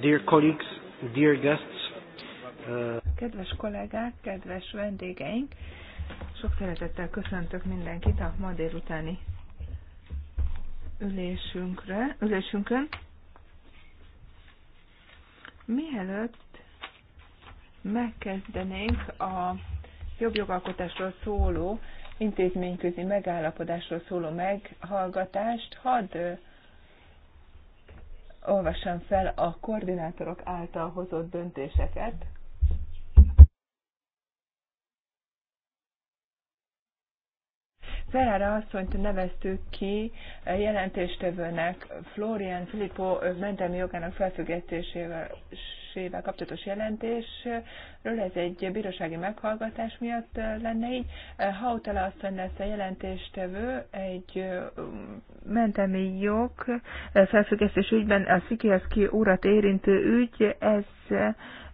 Dear colleagues, dear guests. Kedves kollégák, kedves vendégeink, sok szeretettel köszöntök mindenkit a ma délutáni ülésünkre, ülésünkön. Mielőtt megkezdenénk a jobb jogalkotásról szóló intézményközi megállapodásról szóló meghallgatást, hadd olvassam fel a koordinátorok által hozott döntéseket. Ferrara asszonyt neveztük ki jelentéstevőnek Florian Filippo mentelmi jogának felfüggesztésével ellenőrzésével kapcsolatos jelentésről, ez egy bírósági meghallgatás miatt lenne így. azt, asszony ezt a jelentéstevő egy mentemi jog felfüggesztés ügyben a Szikiaszki urat érintő ügy, ez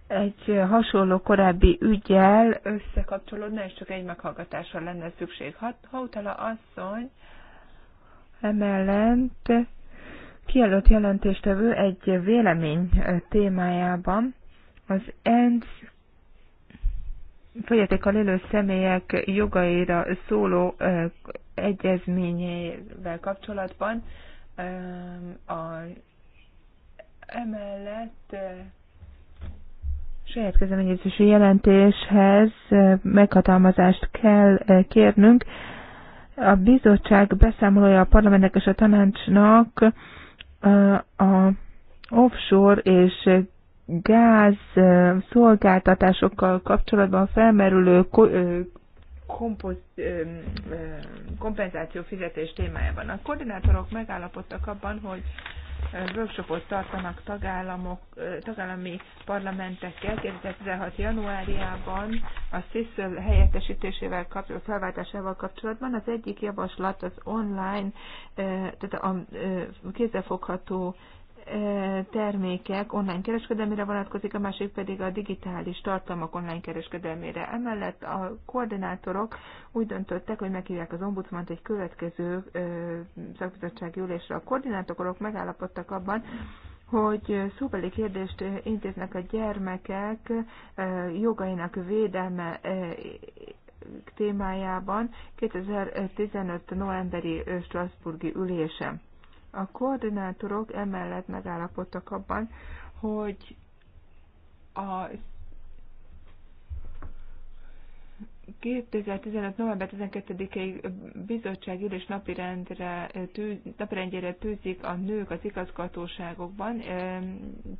egy hasonló korábbi ügyel összekapcsolódna, és csak egy meghallgatásra lenne szükség. Hautala asszony emellett kijelölt jelentéstevő egy vélemény témájában az ENSZ fogyatékkal élő személyek jogaira szóló egyezményével kapcsolatban a, emellett saját kezdeményezési jelentéshez meghatalmazást kell kérnünk. A bizottság beszámolója a parlamentnek és a tanácsnak a offshore és gáz szolgáltatásokkal kapcsolatban felmerülő kompenzáció fizetés témájában. A koordinátorok megállapodtak abban, hogy workshopot tartanak tagállamok, tagállami parlamentekkel 2016. januárjában a CISZÖL helyettesítésével kapcsolatban, felváltásával kapcsolatban. Az egyik javaslat az online, tehát a kézzelfogható termékek online kereskedelmére vonatkozik, a másik pedig a digitális tartalmak online kereskedelmére. Emellett a koordinátorok úgy döntöttek, hogy meghívják az ombudsmant egy következő szakbizottsági ülésre. A koordinátorok megállapodtak abban, hogy szóbeli kérdést intéznek a gyermekek jogainak védelme témájában 2015. novemberi Strasburgi ülésen. A koordinátorok emellett megállapodtak abban, hogy a 2015. november 12-i bizottság ülés napirendre, napirendjére tűzik a nők az igazgatóságokban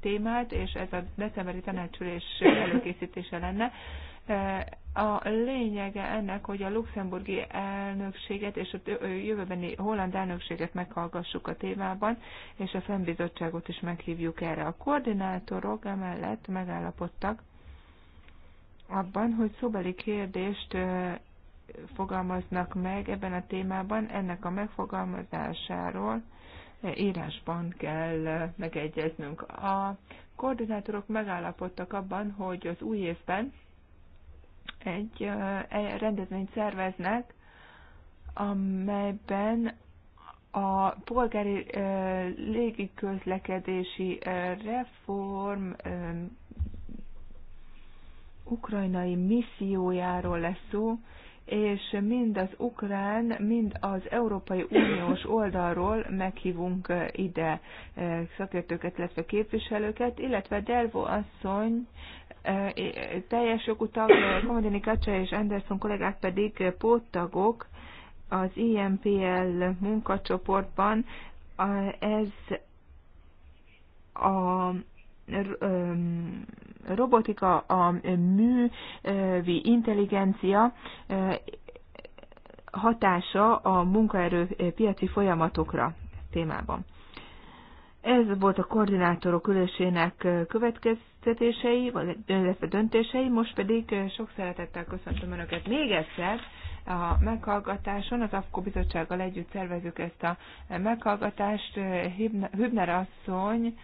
témát, és ez a decemberi tanácsülés előkészítése lenne. A lényege ennek, hogy a luxemburgi elnökséget és a jövőbeni holland elnökséget meghallgassuk a témában, és a fennbizottságot is meghívjuk erre. A koordinátorok emellett megállapodtak abban, hogy szóbeli kérdést fogalmaznak meg ebben a témában, ennek a megfogalmazásáról írásban kell megegyeznünk. A koordinátorok megállapodtak abban, hogy az új évben egy rendezvényt szerveznek, amelyben a polgári légiközlekedési reform ukrajnai missziójáról lesz szó, és mind az ukrán, mind az Európai Uniós oldalról meghívunk ide szakértőket, illetve képviselőket, illetve Delvo asszony teljes jogú tag, Komodini Kacsa és Anderson kollégák pedig póttagok az IMPL munkacsoportban. Ez a robotika, a művi intelligencia hatása a munkaerő piaci folyamatokra témában. Ez volt a koordinátorok ülésének következő következtetései, vagy illetve döntései, most pedig sok szeretettel köszöntöm Önöket még egyszer a meghallgatáson. Az AFKO bizottsággal együtt szervezük ezt a meghallgatást. Hübner asszony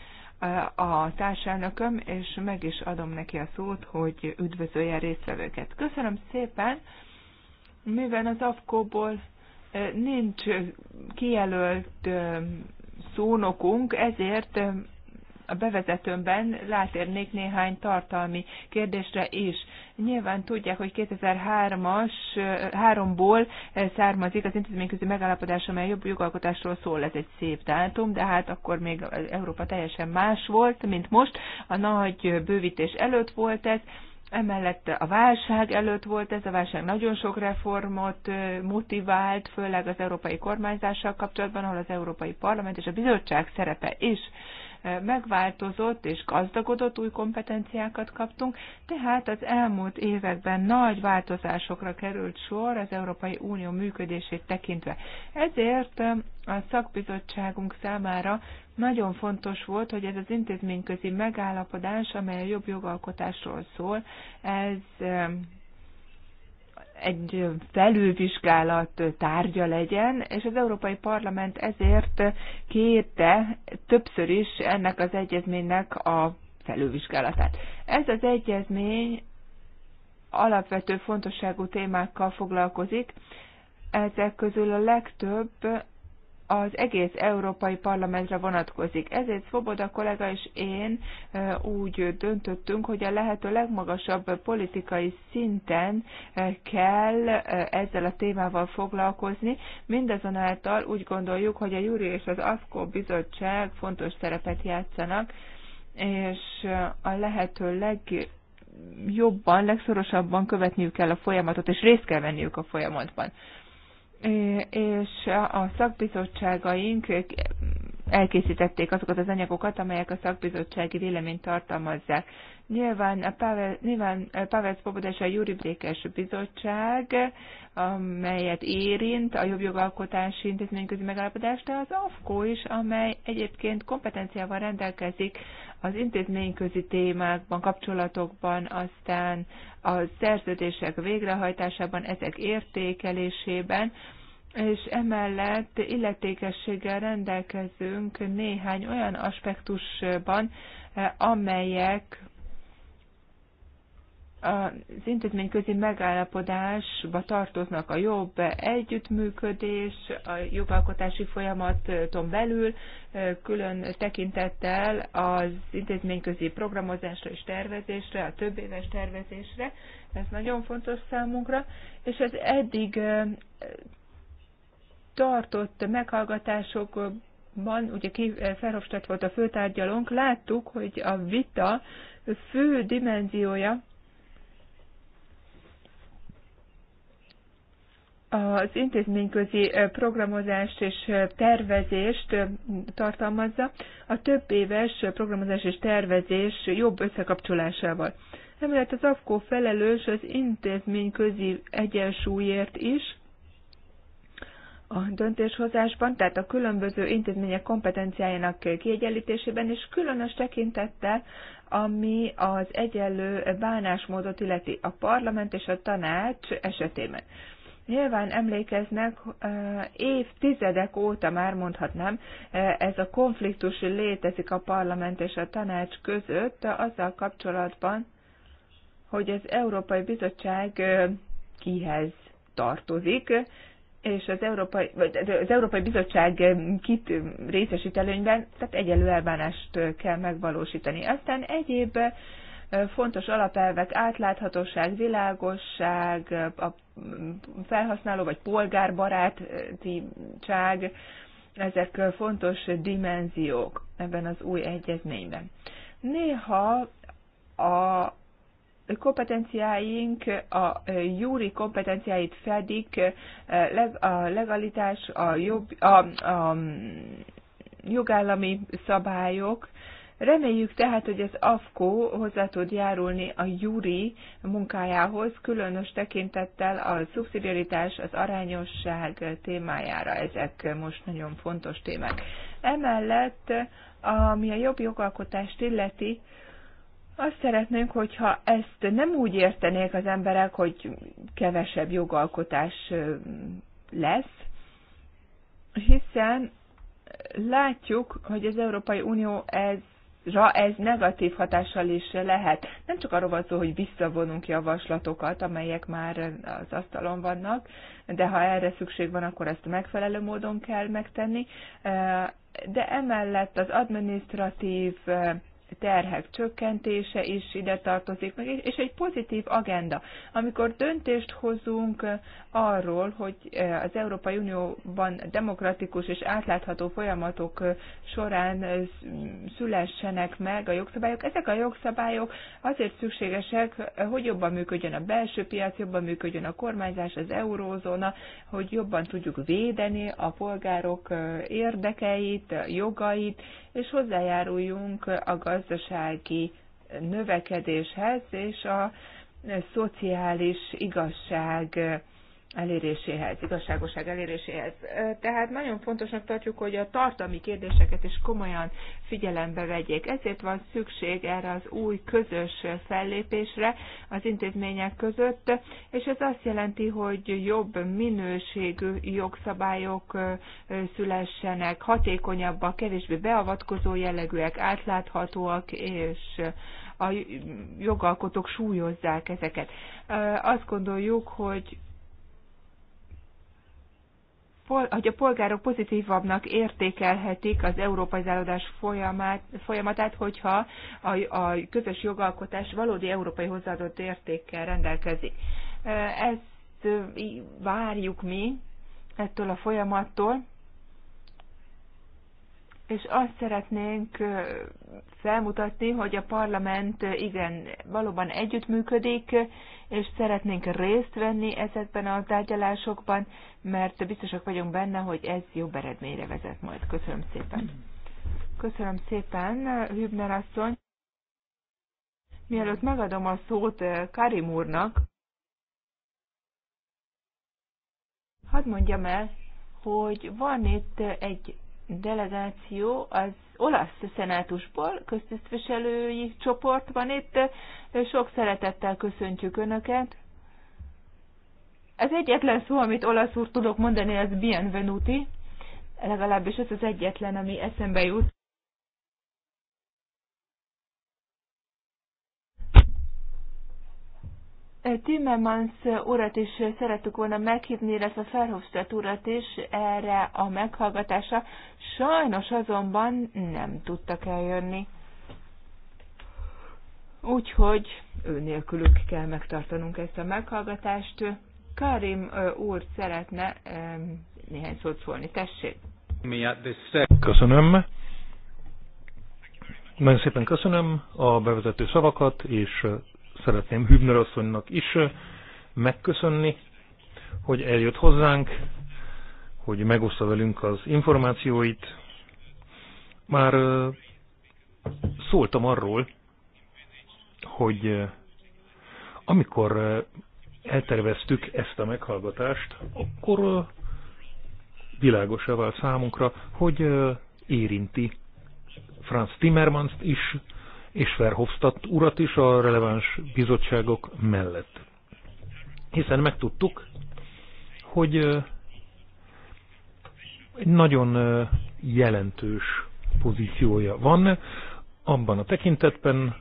a társelnököm, és meg is adom neki a szót, hogy üdvözölje résztvevőket. Köszönöm szépen, mivel az AFKO-ból nincs kijelölt szónokunk, ezért a bevezetőmben látérnék néhány tartalmi kérdésre is. Nyilván tudják, hogy 2003-as, háromból származik az intézményközi megállapodás, amely jobb jogalkotásról szól, ez egy szép dátum, de hát akkor még Európa teljesen más volt, mint most. A nagy bővítés előtt volt ez, Emellett a válság előtt volt ez, a válság nagyon sok reformot motivált, főleg az európai kormányzással kapcsolatban, ahol az Európai Parlament és a Bizottság szerepe is megváltozott és gazdagodott, új kompetenciákat kaptunk, tehát az elmúlt években nagy változásokra került sor az Európai Unió működését tekintve. Ezért a szakbizottságunk számára nagyon fontos volt, hogy ez az intézményközi megállapodás, amely a jobb jogalkotásról szól, ez egy felülvizsgálat tárgya legyen, és az Európai Parlament ezért kérte többször is ennek az egyezménynek a felülvizsgálatát. Ez az egyezmény alapvető fontosságú témákkal foglalkozik, ezek közül a legtöbb az egész Európai Parlamentre vonatkozik. Ezért Svoboda kollega és én úgy döntöttünk, hogy a lehető legmagasabb politikai szinten kell ezzel a témával foglalkozni. Mindazonáltal úgy gondoljuk, hogy a Júri és az AFKO bizottság fontos szerepet játszanak, és a lehető leg jobban, legszorosabban követniük kell a folyamatot, és részt kell venniük a folyamatban és a szakbizottságaink elkészítették azokat az anyagokat, amelyek a szakbizottsági véleményt tartalmazzák. Nyilván a Pavel, nyilván Pavel és a Juribdékes Bizottság, amelyet érint a jobb jogalkotási intézményközi megállapodás, de az AFKO is, amely egyébként kompetenciával rendelkezik az intézményközi témákban, kapcsolatokban, aztán a szerződések végrehajtásában, ezek értékelésében, és emellett illetékességgel rendelkezünk néhány olyan aspektusban, amelyek az intézményközi megállapodásba tartoznak a jobb együttműködés, a jogalkotási folyamaton belül, külön tekintettel az intézményközi programozásra és tervezésre, a több éves tervezésre. Ez nagyon fontos számunkra, és az eddig tartott meghallgatásokban, ugye ki Ferhofstadt volt a főtárgyalónk, láttuk, hogy a vita fő dimenziója az intézményközi programozást és tervezést tartalmazza a több éves programozás és tervezés jobb összekapcsolásával. Emellett az AFKO felelős az intézményközi egyensúlyért is, a döntéshozásban, tehát a különböző intézmények kompetenciájának kiegyenlítésében, és különös tekintettel, ami az egyenlő bánásmódot illeti a parlament és a tanács esetében. Nyilván emlékeznek, évtizedek óta már mondhatnám, ez a konfliktus létezik a parlament és a tanács között azzal kapcsolatban, hogy az Európai Bizottság kihez tartozik, és az Európai, vagy az Európai Bizottság kit részesít előnyben, tehát egyelő elbánást kell megvalósítani. Aztán egyéb fontos alapelvek átláthatóság, világosság, a felhasználó vagy polgárbarátság, ezek fontos dimenziók ebben az új egyezményben. Néha a kompetenciáink a júri kompetenciáit fedik, a legalitás, a, jobb, a, a jogállami szabályok, Reméljük tehát, hogy az AFKO hozzá tud járulni a júri munkájához, különös tekintettel a szubszidiaritás, az arányosság témájára. Ezek most nagyon fontos témák. Emellett, ami a jobb jogalkotást illeti, azt szeretnénk, hogyha ezt nem úgy értenék az emberek, hogy kevesebb jogalkotás lesz, hiszen látjuk, hogy az Európai Unió ez ra ez negatív hatással is lehet. Nem csak arról van szó, hogy visszavonunk javaslatokat, amelyek már az asztalon vannak, de ha erre szükség van, akkor ezt megfelelő módon kell megtenni. De emellett az administratív terhek csökkentése is ide tartozik, meg, és egy pozitív agenda. Amikor döntést hozunk eh, arról, hogy eh, az Európai Unióban demokratikus és átlátható folyamatok eh, során szülessenek meg a jogszabályok, ezek a jogszabályok azért szükségesek, hogy jobban működjön a belső piac, jobban működjön a kormányzás, az eurózóna, hogy jobban tudjuk védeni a polgárok érdekeit, jogait, és hozzájáruljunk a gazdasági növekedéshez és a szociális igazság eléréséhez, igazságoság eléréséhez. Tehát nagyon fontosnak tartjuk, hogy a tartalmi kérdéseket is komolyan figyelembe vegyék. Ezért van szükség erre az új közös fellépésre az intézmények között, és ez azt jelenti, hogy jobb minőségű jogszabályok szülessenek, hatékonyabbak, kevésbé beavatkozó jellegűek, átláthatóak és a jogalkotók súlyozzák ezeket. Azt gondoljuk, hogy hogy a polgárok pozitívabbnak értékelhetik az európai zárodás folyamát, folyamatát, hogyha a, a közös jogalkotás valódi európai hozzáadott értékkel rendelkezik. Ezt várjuk mi ettől a folyamattól, és azt szeretnénk felmutatni, hogy a parlament igen, valóban együttműködik, és szeretnénk részt venni ezekben a tárgyalásokban, mert biztosak vagyunk benne, hogy ez jobb eredményre vezet majd. Köszönöm szépen. Köszönöm szépen, Hübner asszony. Mielőtt megadom a szót eh, Karim úrnak, hadd mondjam el, hogy van itt egy delegáció, az olasz szenátusból, köztisztviselői csoport van itt. Sok szeretettel köszöntjük Önöket. Ez egyetlen szó, amit olaszul tudok mondani, ez bienvenuti. Legalábbis ez az egyetlen, ami eszembe jut. Timmermans urat is szerettük volna meghívni, illetve Ferhofstadt urat is erre a meghallgatása. Sajnos azonban nem tudtak eljönni. Úgyhogy ő nélkülük kell megtartanunk ezt a meghallgatást. Karim úr szeretne néhány szót szólni. Tessék! Köszönöm. Nagyon szépen köszönöm a bevezető szavakat, és szeretném Hübner asszonynak is megköszönni, hogy eljött hozzánk, hogy megoszta velünk az információit. Már szóltam arról, hogy amikor elterveztük ezt a meghallgatást, akkor világosá vált számunkra, hogy érinti Franz Timmermans-t is, és Verhofstadt urat is a releváns bizottságok mellett. Hiszen megtudtuk, hogy egy nagyon jelentős pozíciója van abban a tekintetben,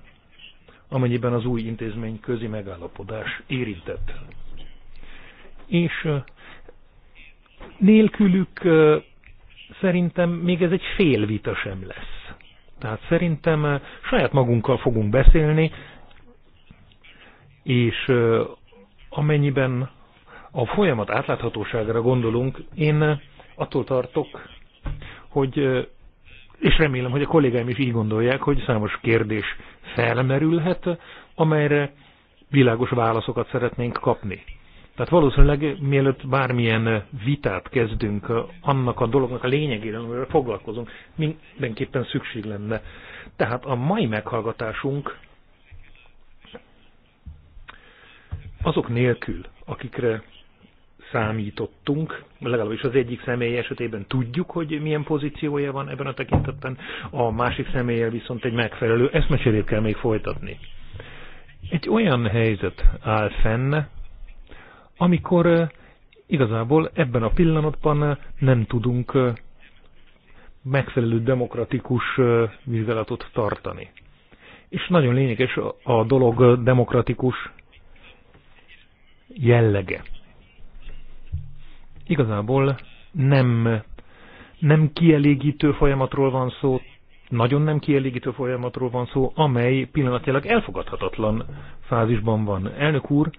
amennyiben az új intézmény közi megállapodás érintett. És nélkülük szerintem még ez egy vita sem lesz tehát szerintem eh, saját magunkkal fogunk beszélni, és eh, amennyiben a folyamat átláthatóságra gondolunk, én eh, attól tartok, hogy, és remélem, hogy a kollégáim is így gondolják, hogy számos kérdés felmerülhet, amelyre világos válaszokat szeretnénk kapni. Tehát valószínűleg mielőtt bármilyen eh, vitát kezdünk eh, annak a dolognak a lényegére, amivel foglalkozunk, mindenképpen szükség lenne. Tehát a mai meghallgatásunk azok nélkül, akikre számítottunk, legalábbis az egyik személy esetében tudjuk, hogy milyen pozíciója van ebben a tekintetben, a másik személlyel viszont egy megfelelő eszmecserét kell még folytatni. Egy olyan helyzet áll fenn, amikor igazából ebben a pillanatban nem tudunk megfelelő demokratikus vizsgálatot tartani. És nagyon lényeges a dolog demokratikus jellege. Igazából nem, nem kielégítő folyamatról van szó, nagyon nem kielégítő folyamatról van szó, amely pillanatnyilag elfogadhatatlan fázisban van. Elnök úr,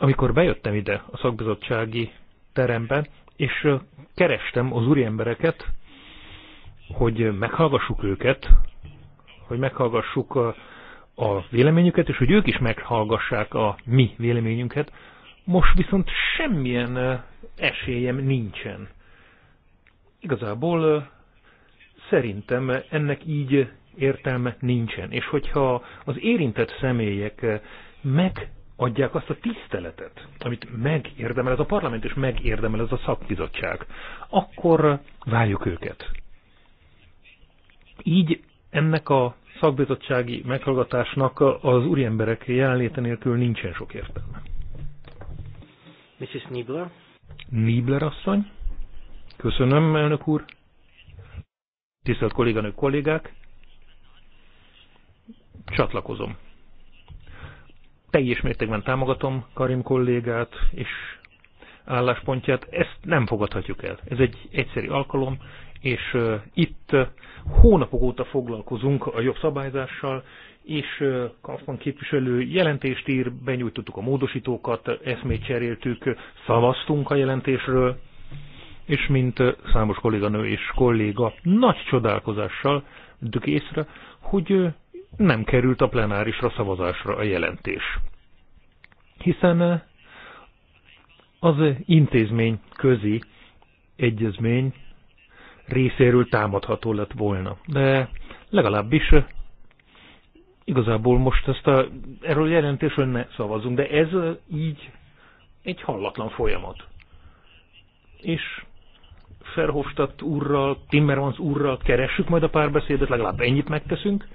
amikor bejöttem ide a szakbizottsági terembe, és kerestem az úriembereket, hogy meghallgassuk őket, hogy meghallgassuk a, a véleményüket, és hogy ők is meghallgassák a mi véleményünket, most viszont semmilyen esélyem nincsen. Igazából szerintem ennek így értelme nincsen. És hogyha az érintett személyek meg adják azt a tiszteletet, amit megérdemel ez a parlament, és megérdemel ez a szakbizottság, akkor várjuk őket. Így ennek a szakbizottsági meghallgatásnak az úriemberek jelenléte nélkül nincsen sok értelme. Mrs. Nibler? Nibler asszony? Köszönöm, elnök úr. Tisztelt kolléganők, kollégák! Csatlakozom teljes mértékben támogatom Karim kollégát és álláspontját, ezt nem fogadhatjuk el. Ez egy egyszerű alkalom, és itt hónapok óta foglalkozunk a jobb szabályzással, és Kaufmann képviselő jelentést ír, benyújtottuk a módosítókat, eszmét cseréltük, szavaztunk a jelentésről, és mint számos kolléganő és kolléga nagy csodálkozással dük észre, hogy nem került a plenárisra szavazásra a jelentés. Hiszen eh, az intézmény közi egyezmény részéről támadható lett volna. De legalábbis eh, igazából most ezt a, erről a jelentésről ne szavazunk, de ez eh, így egy hallatlan folyamat. És Ferhofstadt úrral, Timmermans úrral keressük majd a párbeszédet, legalább ennyit megteszünk,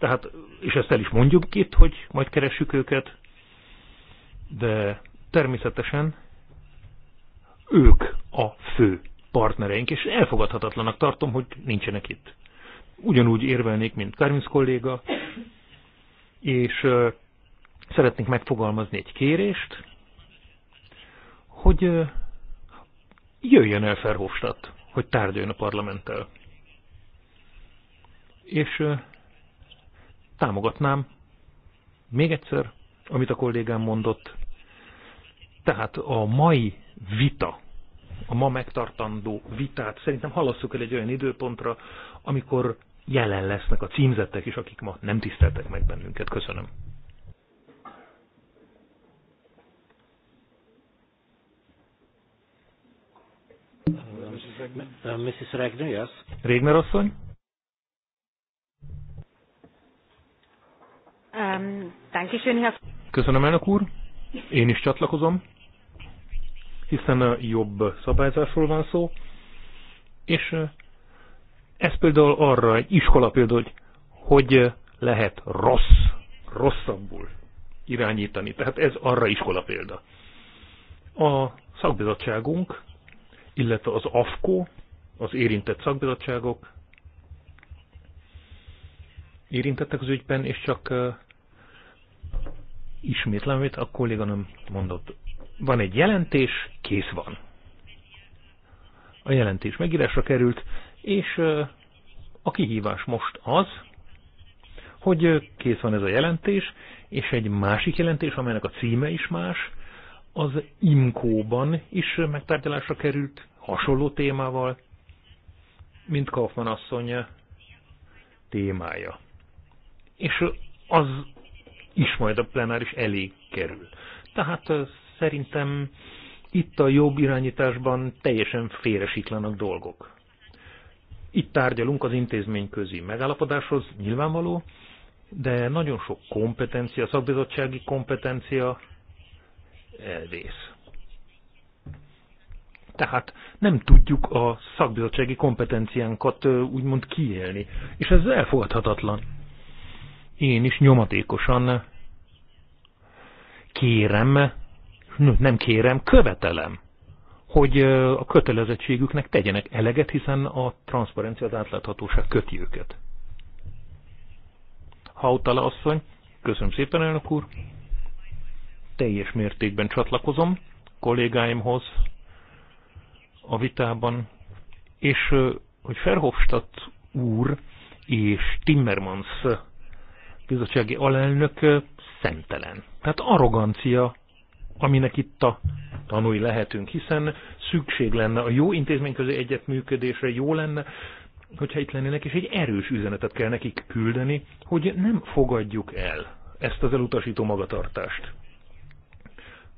tehát, és ezt el is mondjuk itt, hogy majd keressük őket, de természetesen ők a fő partnereink, és elfogadhatatlanak tartom, hogy nincsenek itt. Ugyanúgy érvelnék, mint Kármincz kolléga, és szeretnék megfogalmazni egy kérést, hogy jöjjön el Ferhofstadt, hogy tárgyaljon a parlamenttel. És támogatnám még egyszer, amit a kollégám mondott. Tehát a mai vita, a ma megtartandó vitát szerintem halasszuk el egy olyan időpontra, amikor jelen lesznek a címzettek is, akik ma nem tiszteltek meg bennünket. Köszönöm. Uh, Mrs. Regner, yes. Regner asszony? Um, Köszönöm, elnök úr. Én is csatlakozom, hiszen uh, jobb szabályzásról van szó, és uh, ez például arra egy iskola például, hogy hogy uh, lehet rossz, rosszabbul irányítani. Tehát ez arra iskola példa. A szakbizottságunk, illetve az AFKO, az érintett szakbizottságok érintettek az ügyben, és csak ismétlem, amit a kolléganom mondott. Van egy jelentés, kész van. A jelentés megírásra került, és a kihívás most az, hogy kész van ez a jelentés, és egy másik jelentés, amelynek a címe is más, az IMK-ban is megtárgyalásra került, hasonló témával, mint Kaufman asszony témája és az is majd a plenáris elé kerül. Tehát szerintem itt a jobb irányításban teljesen félresiklanak dolgok. Itt tárgyalunk az intézményközi megállapodáshoz, nyilvánvaló, de nagyon sok kompetencia, szakbizottsági kompetencia elvész. Tehát nem tudjuk a szakbizottsági kompetenciánkat úgymond kiélni, és ez elfogadhatatlan én is nyomatékosan kérem, nem kérem, követelem, hogy a kötelezettségüknek tegyenek eleget, hiszen a transzparencia, az átláthatóság köti őket. Hautala asszony, köszönöm szépen, elnök úr. Teljes mértékben csatlakozom kollégáimhoz a vitában, és hogy Ferhofstadt úr és Timmermans bizottsági alelnök szentelen. Tehát arrogancia, aminek itt a tanúi lehetünk, hiszen szükség lenne a jó intézményközi egyetműködésre, jó lenne, hogyha itt lennének, és egy erős üzenetet kell nekik küldeni, hogy nem fogadjuk el ezt az elutasító magatartást.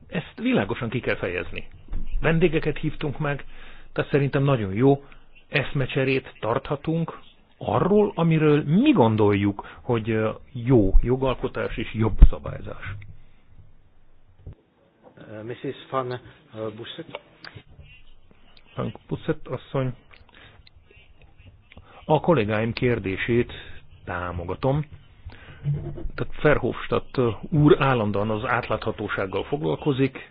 Ezt világosan ki kell fejezni. Vendégeket hívtunk meg, tehát szerintem nagyon jó eszmecserét tarthatunk, arról, amiről mi gondoljuk, hogy jó jogalkotás és jobb szabályzás. Uh, Mrs. Van uh, Busset. Van Busset asszony. A kollégáim kérdését támogatom. Tehát Ferhofstadt úr állandóan az átláthatósággal foglalkozik,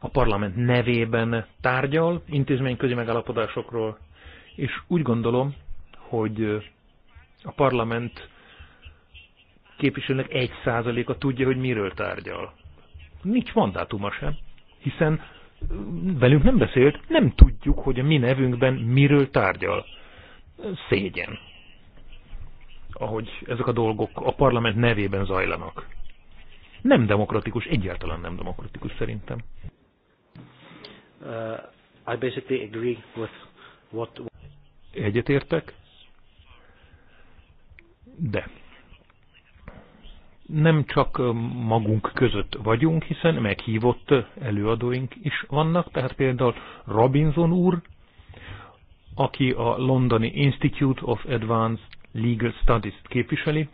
a parlament nevében tárgyal intézményközi megállapodásokról, és úgy gondolom, hogy a parlament képviselőnek egy százaléka tudja, hogy miről tárgyal. Nincs mandátuma sem, hiszen velünk nem beszélt, nem tudjuk, hogy a mi nevünkben miről tárgyal. Szégyen. Ahogy ezek a dolgok a parlament nevében zajlanak. Nem demokratikus, egyáltalán nem demokratikus szerintem. Uh, I basically agree with what... Egyetértek de nem csak magunk között vagyunk, hiszen meghívott előadóink is vannak, tehát például Robinson úr, aki a Londoni Institute of Advanced Legal Studies képviseli,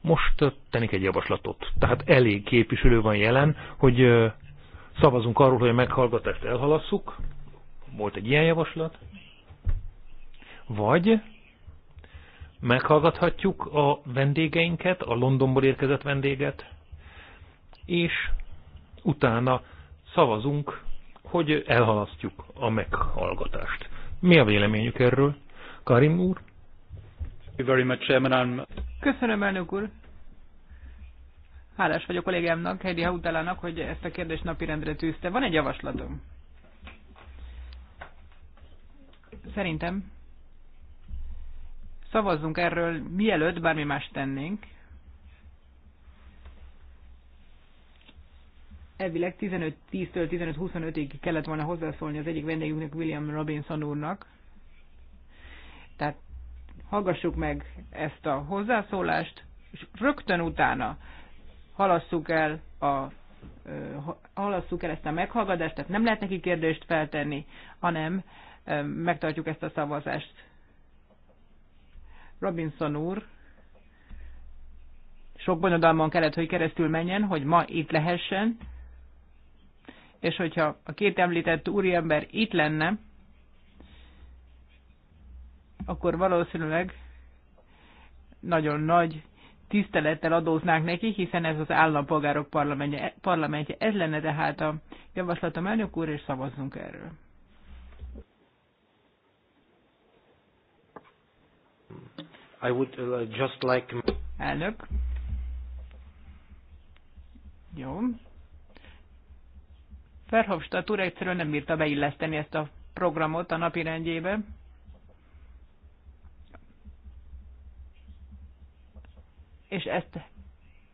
most tennék egy javaslatot. Tehát elég képviselő van jelen, hogy szavazunk arról, hogy a meghallgatást elhalasszuk. Volt egy ilyen javaslat. Vagy meghallgathatjuk a vendégeinket, a Londonból érkezett vendéget, és utána szavazunk, hogy elhalasztjuk a meghallgatást. Mi a véleményük erről? Karim úr? Köszönöm, elnök úr. Hálás vagyok kollégámnak, Heidi Hautalának, hogy ezt a kérdést napirendre tűzte. Van egy javaslatom. Szerintem Szavazzunk erről, mielőtt bármi más tennénk. Elvileg 15-10-től 15-25-ig kellett volna hozzászólni az egyik vendégünknek, William Robinson úrnak. Tehát hallgassuk meg ezt a hozzászólást, és rögtön utána halasszuk el a halasszuk el ezt a meghallgatást, tehát nem lehet neki kérdést feltenni, hanem megtartjuk ezt a szavazást. Robinson úr sok bonyodalmon kellett, hogy keresztül menjen, hogy ma itt lehessen, és hogyha a két említett úriember itt lenne, akkor valószínűleg nagyon nagy tisztelettel adóznák neki, hiszen ez az állampolgárok parlamentje, parlamentje. Ez lenne tehát a javaslatom elnök úr, és szavazzunk erről. I would uh, just like... Elnök. Jó. Verhofstadt úr egyszerűen nem bírta beilleszteni ezt a programot a napi rendjébe. És ezt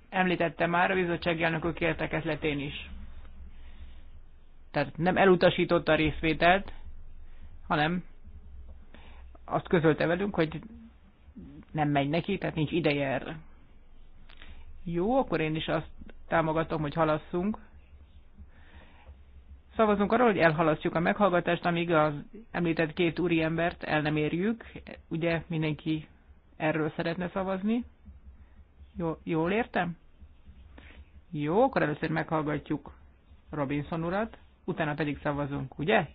említette már a bizottsági elnökök értekezletén is. Tehát nem elutasította a részvételt, hanem azt közölte velünk, hogy nem megy neki, tehát nincs ideje erre. Jó, akkor én is azt támogatom, hogy halasszunk. Szavazunk arról, hogy elhalasztjuk a meghallgatást, amíg az említett két úriembert el nem érjük. Ugye mindenki erről szeretne szavazni. Jó, jól értem? Jó, akkor először meghallgatjuk Robinson urat, utána pedig szavazunk, ugye?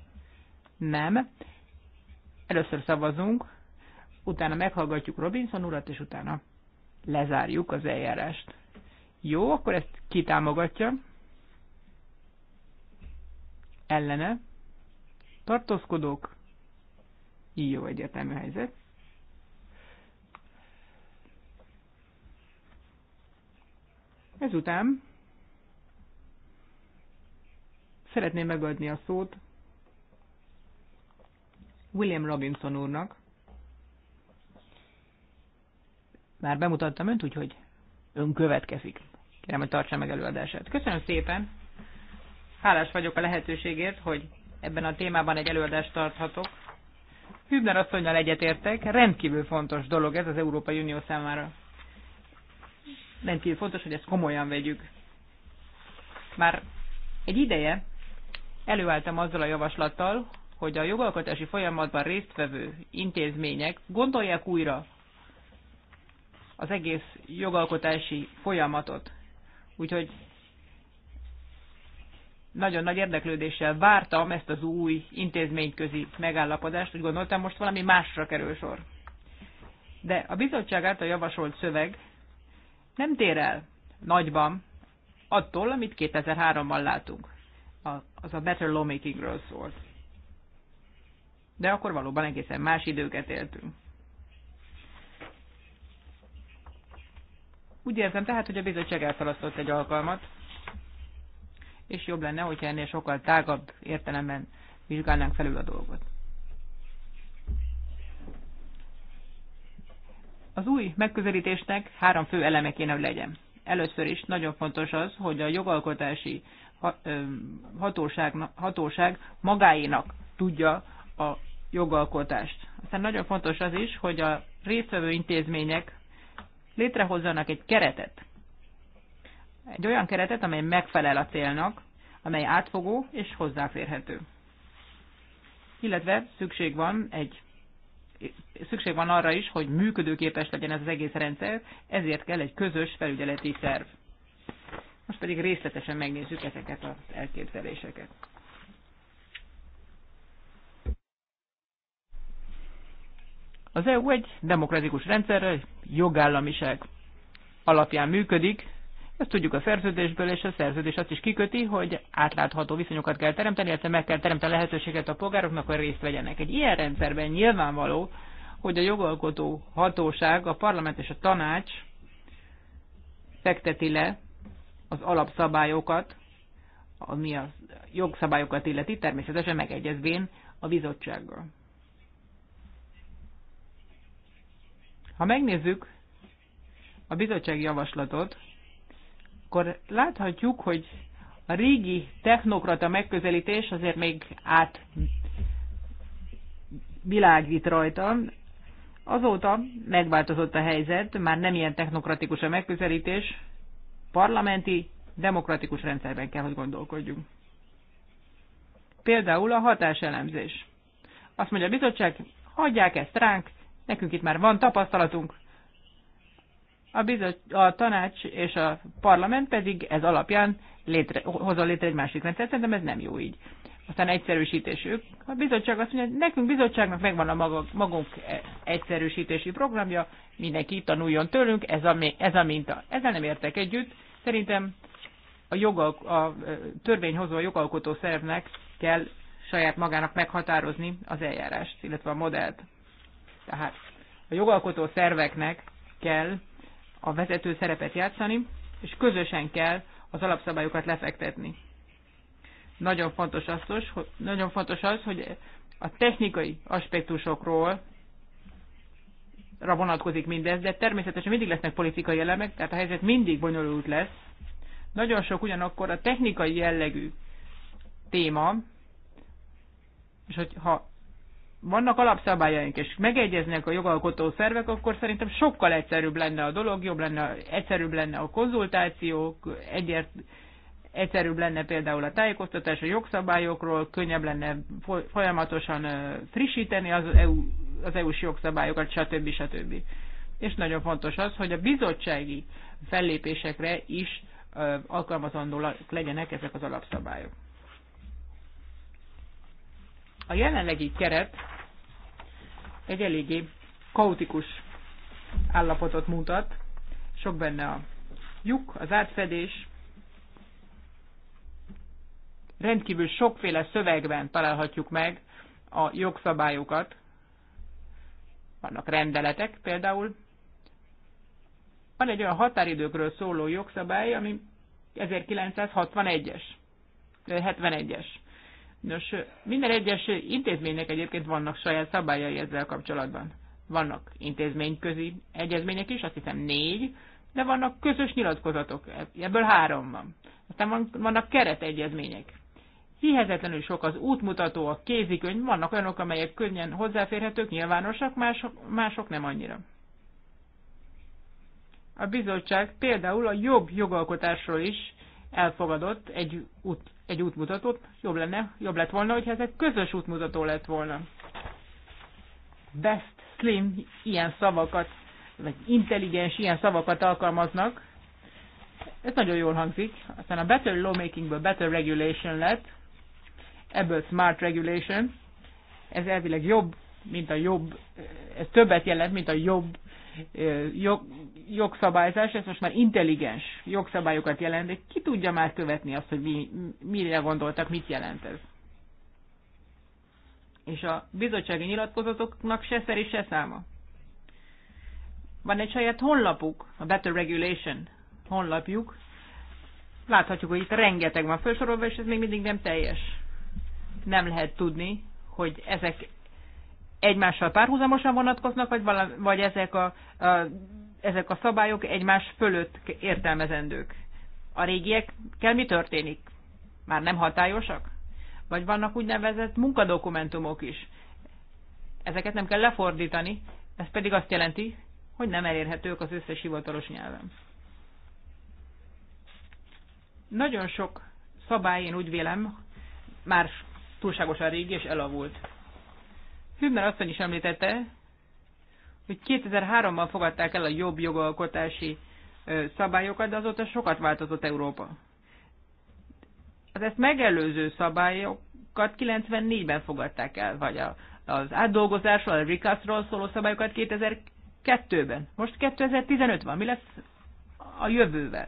Nem. Először szavazunk utána meghallgatjuk Robinson urat, és utána lezárjuk az eljárást. Jó, akkor ezt kitámogatja. Ellene. Tartózkodók. Így jó egyértelmű helyzet. Ezután szeretném megadni a szót William Robinson úrnak, már bemutattam önt, úgyhogy ön következik. Kérem, hogy tartsa meg előadását. Köszönöm szépen! Hálás vagyok a lehetőségért, hogy ebben a témában egy előadást tarthatok. Hübner asszonynal egyetértek, rendkívül fontos dolog ez az Európai Unió számára. Rendkívül fontos, hogy ezt komolyan vegyük. Már egy ideje előálltam azzal a javaslattal, hogy a jogalkotási folyamatban résztvevő intézmények gondolják újra az egész jogalkotási folyamatot. Úgyhogy nagyon nagy érdeklődéssel vártam ezt az új intézményközi megállapodást, úgy gondoltam, most valami másra kerül sor. De a bizottság által javasolt szöveg nem tér el nagyban attól, amit 2003-ban látunk. Az a Better Lawmakingről szólt. De akkor valóban egészen más időket éltünk. Úgy érzem tehát, hogy a bizottság elszalasztott egy alkalmat, és jobb lenne, hogyha ennél sokkal tágabb értelemben vizsgálnánk felül a dolgot. Az új megközelítésnek három fő eleme kéne, hogy legyen. Először is nagyon fontos az, hogy a jogalkotási hatóság, hatóság magáénak tudja a jogalkotást. Aztán nagyon fontos az is, hogy a résztvevő intézmények létrehozzanak egy keretet. Egy olyan keretet, amely megfelel a célnak, amely átfogó és hozzáférhető. Illetve szükség van egy szükség van arra is, hogy működőképes legyen ez az egész rendszer, ezért kell egy közös felügyeleti szerv. Most pedig részletesen megnézzük ezeket az elképzeléseket. Az EU egy demokratikus rendszerrel, jogállamiság alapján működik, ezt tudjuk a szerződésből, és a szerződés azt is kiköti, hogy átlátható viszonyokat kell teremteni, illetve meg kell teremteni lehetőséget a polgároknak, hogy részt vegyenek. Egy ilyen rendszerben nyilvánvaló, hogy a jogalkotó hatóság, a parlament és a tanács fekteti le az alapszabályokat, ami a jogszabályokat illeti, természetesen megegyezvén a bizottsággal. Ha megnézzük a bizottsági javaslatot, akkor láthatjuk, hogy a régi technokrata megközelítés azért még át világít rajta. Azóta megváltozott a helyzet, már nem ilyen technokratikus a megközelítés, parlamenti, demokratikus rendszerben kell, hogy gondolkodjunk. Például a hatáselemzés. Azt mondja a bizottság, hagyják ezt ránk, Nekünk itt már van tapasztalatunk. A, bizot, a tanács és a parlament pedig ez alapján létre, hozza létre egy másik rendszer. Szerintem ez nem jó így. Aztán egyszerűsítésük. A bizottság azt mondja, nekünk bizottságnak megvan a magunk, magunk e, egyszerűsítési programja, mindenki tanuljon tőlünk, ez a, ez a minta. Ezzel nem értek együtt. Szerintem a, jogalk, a e, törvényhozó, a jogalkotó szervnek kell saját magának meghatározni az eljárást, illetve a modellt. Tehát a jogalkotó szerveknek kell a vezető szerepet játszani, és közösen kell az alapszabályokat lefektetni. Nagyon fontos az, hogy, nagyon fontos az, hogy a technikai aspektusokról vonatkozik mindez, de természetesen mindig lesznek politikai elemek, tehát a helyzet mindig bonyolult lesz. Nagyon sok ugyanakkor a technikai jellegű téma, és hogy ha vannak alapszabályaink, és megegyeznek a jogalkotó szervek, akkor szerintem sokkal egyszerűbb lenne a dolog, jobb lenne, egyszerűbb lenne a konzultációk, egyért, egyszerűbb lenne például a tájékoztatás a jogszabályokról, könnyebb lenne folyamatosan frissíteni az, EU, az EU-s jogszabályokat, stb. stb. És nagyon fontos az, hogy a bizottsági fellépésekre is alkalmazandóak legyenek ezek az alapszabályok. A jelenlegi keret egy eléggé kaotikus állapotot mutat. Sok benne a lyuk, az átfedés. Rendkívül sokféle szövegben találhatjuk meg a jogszabályokat. Vannak rendeletek például. Van egy olyan határidőkről szóló jogszabály, ami 1961-es, 71-es. Nos, minden egyes intézménynek egyébként vannak saját szabályai ezzel kapcsolatban. Vannak intézményközi egyezmények is, azt hiszem négy, de vannak közös nyilatkozatok, ebből három van. Aztán vannak keretegyezmények. Hihetetlenül sok az útmutató, a kézikönyv, vannak olyanok, amelyek könnyen hozzáférhetők, nyilvánosak, mások, mások nem annyira. A bizottság például a jobb jogalkotásról is elfogadott egy, út, egy útmutatót, jobb, lenne, jobb lett volna, hogyha ez egy közös útmutató lett volna. Best, slim, ilyen szavakat, vagy intelligens ilyen szavakat alkalmaznak. Ez nagyon jól hangzik. Aztán a better lawmakingből better regulation lett, ebből smart regulation. Ez elvileg jobb, mint a jobb, ez többet jelent, mint a jobb, eh, jobb jogszabályzás, ez most már intelligens jogszabályokat jelent, de ki tudja már követni azt, hogy mi, mire gondoltak, mit jelent ez. És a bizottsági nyilatkozatoknak se szeri, se száma. Van egy saját honlapuk, a Better Regulation honlapjuk. Láthatjuk, hogy itt rengeteg van felsorolva, és ez még mindig nem teljes. Nem lehet tudni, hogy ezek egymással párhuzamosan vonatkoznak, vagy, vala, vagy ezek a, a ezek a szabályok egymás fölött értelmezendők. A régiekkel mi történik? Már nem hatályosak? Vagy vannak úgynevezett munkadokumentumok is. Ezeket nem kell lefordítani, ez pedig azt jelenti, hogy nem elérhetők az összes hivatalos nyelven. Nagyon sok szabály, én úgy vélem, már túlságosan régi és elavult. Hübner asszony is említette, hogy 2003-ban fogadták el a jobb jogalkotási szabályokat, de azóta sokat változott Európa. Az ezt megelőző szabályokat 94-ben fogadták el, vagy a, az átdolgozásról, a Rikaszról szóló szabályokat 2002-ben. Most 2015 van, mi lesz a jövővel?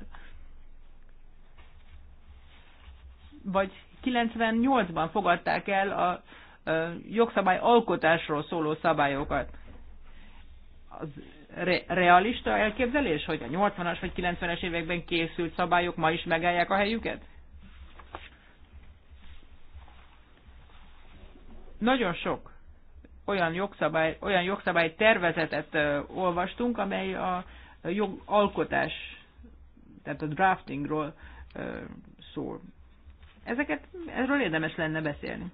Vagy 98-ban fogadták el a, a jogszabály alkotásról szóló szabályokat az re- realista elképzelés, hogy a 80-as vagy 90-es években készült szabályok ma is megállják a helyüket? Nagyon sok olyan jogszabály, olyan jogszabály tervezetet uh, olvastunk, amely a jogalkotás, tehát a draftingról uh, szól. Ezeket, erről érdemes lenne beszélni.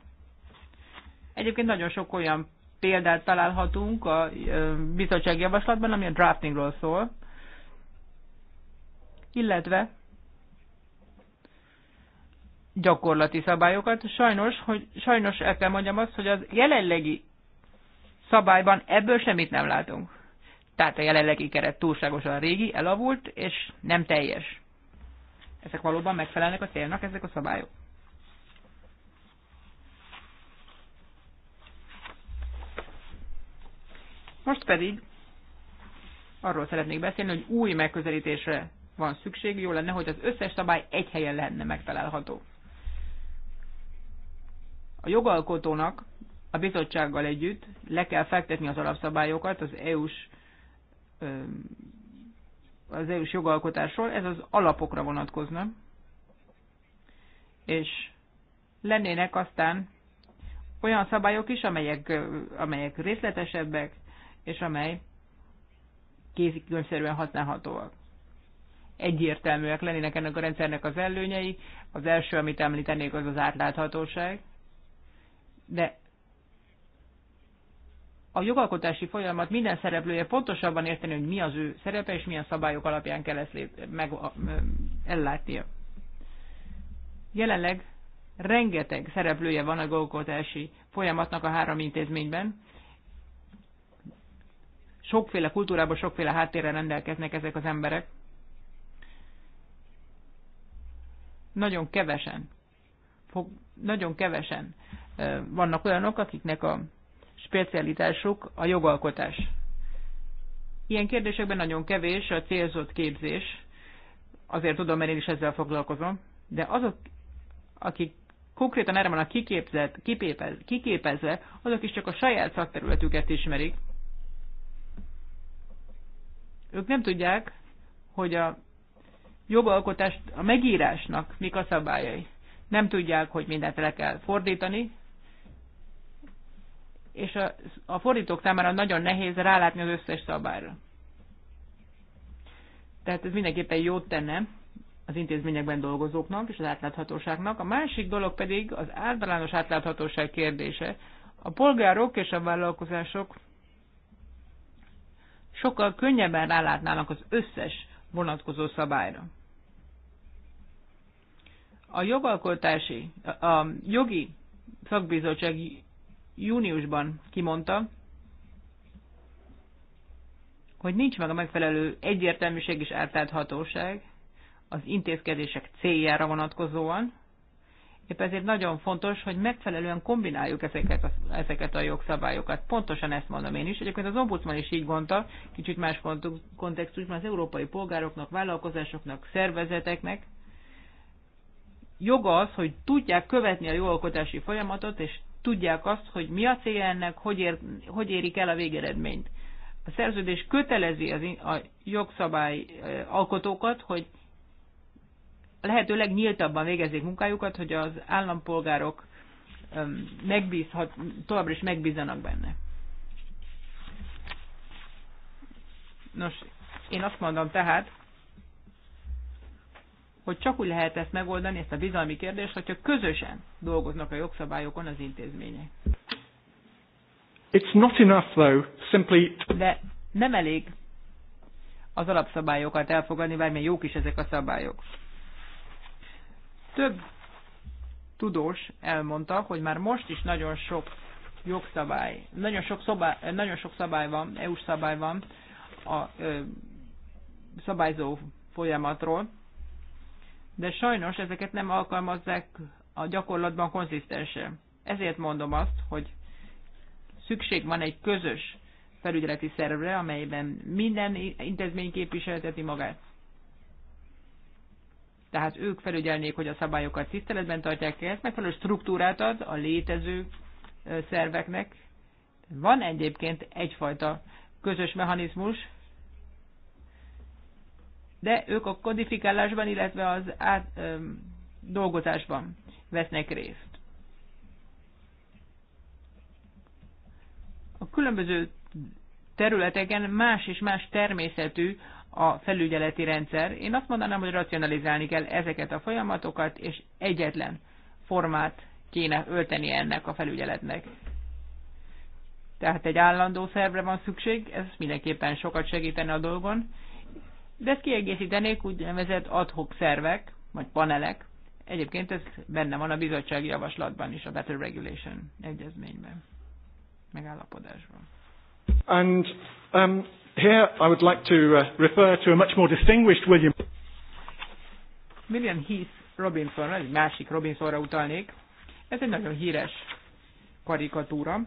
Egyébként nagyon sok olyan példát találhatunk a bizottság javaslatban, ami a draftingról szól, illetve gyakorlati szabályokat. Sajnos, hogy, sajnos el kell mondjam azt, hogy az jelenlegi szabályban ebből semmit nem látunk. Tehát a jelenlegi keret túlságosan régi, elavult és nem teljes. Ezek valóban megfelelnek a célnak, ezek a szabályok. Most pedig arról szeretnék beszélni, hogy új megközelítésre van szükség, jó lenne, hogy az összes szabály egy helyen lenne megtalálható. A jogalkotónak a bizottsággal együtt le kell fektetni az alapszabályokat az EU-s az EU-s jogalkotásról, ez az alapokra vonatkozna, és lennének aztán olyan szabályok is, amelyek, amelyek részletesebbek, és amely kézikönyvszerűen használhatóak. Egyértelműek lennének ennek a rendszernek az előnyei. Az első, amit említenék, az az átláthatóság. De a jogalkotási folyamat minden szereplője pontosabban érteni, hogy mi az ő szerepe, és milyen szabályok alapján kell ezt lép, meg, ellátnia. Jelenleg rengeteg szereplője van a jogalkotási folyamatnak a három intézményben, sokféle kultúrában, sokféle háttérrel rendelkeznek ezek az emberek. Nagyon kevesen, fog, nagyon kevesen vannak olyanok, akiknek a specialitásuk a jogalkotás. Ilyen kérdésekben nagyon kevés a célzott képzés, azért tudom, mert én is ezzel foglalkozom, de azok, akik konkrétan erre vannak kiképzett, kiképezve, azok is csak a saját szakterületüket ismerik. Ők nem tudják, hogy a jogalkotást, a megírásnak mik a szabályai. Nem tudják, hogy mindent le kell fordítani, és a, a fordítók számára nagyon nehéz rálátni az összes szabályra. Tehát ez mindenképpen jót tenne az intézményekben dolgozóknak és az átláthatóságnak. A másik dolog pedig az általános átláthatóság kérdése. A polgárok és a vállalkozások sokkal könnyebben rálátnának az összes vonatkozó szabályra. A jogalkotási, a jogi szakbizottság júniusban kimondta, hogy nincs meg a megfelelő egyértelműség és átláthatóság az intézkedések céljára vonatkozóan, Épp ezért nagyon fontos, hogy megfelelően kombináljuk ezeket a, ezeket a jogszabályokat. Pontosan ezt mondom én is. Egyébként az ombudsman is így gondta, kicsit más kontextusban az európai polgároknak, vállalkozásoknak, szervezeteknek. Joga az, hogy tudják követni a jogalkotási folyamatot, és tudják azt, hogy mi a célja ennek, hogy, ér, hogy érik el a végeredményt. A szerződés kötelezi az, a jogszabály alkotókat, hogy lehetőleg nyíltabban végezzék munkájukat, hogy az állampolgárok megbízhat, továbbra is megbízanak benne. Nos, én azt mondom tehát, hogy csak úgy lehet ezt megoldani, ezt a bizalmi kérdést, hogyha közösen dolgoznak a jogszabályokon az intézmények. It's not enough though, simply... De nem elég az alapszabályokat elfogadni, bármilyen jók is ezek a szabályok. Több tudós elmondta, hogy már most is nagyon sok jogszabály, nagyon sok, szobá, nagyon sok szabály van, EU-s szabály van a ö, szabályzó folyamatról, de sajnos ezeket nem alkalmazzák a gyakorlatban konzisztensen. Ezért mondom azt, hogy szükség van egy közös felügyeleti szervre, amelyben minden intézmény képviselteti magát tehát ők felügyelnék, hogy a szabályokat tiszteletben tartják, ezt megfelelő struktúrát ad a létező szerveknek. Van egyébként egyfajta közös mechanizmus, de ők a kodifikálásban, illetve az át, ö, dolgozásban vesznek részt. A különböző területeken más és más természetű a felügyeleti rendszer. Én azt mondanám, hogy racionalizálni kell ezeket a folyamatokat, és egyetlen formát kéne ölteni ennek a felügyeletnek. Tehát egy állandó szervre van szükség, ez mindenképpen sokat segítene a dolgon, de ezt kiegészítenék úgynevezett adhok szervek, vagy panelek. Egyébként ez benne van a bizottsági javaslatban is, a Better Regulation egyezményben, megállapodásban. And um, Here I would like to uh, refer to a much more distinguished William. William Heath Robinson, egy másik Robinsonra utalnék. Ez egy nagyon híres karikatúra.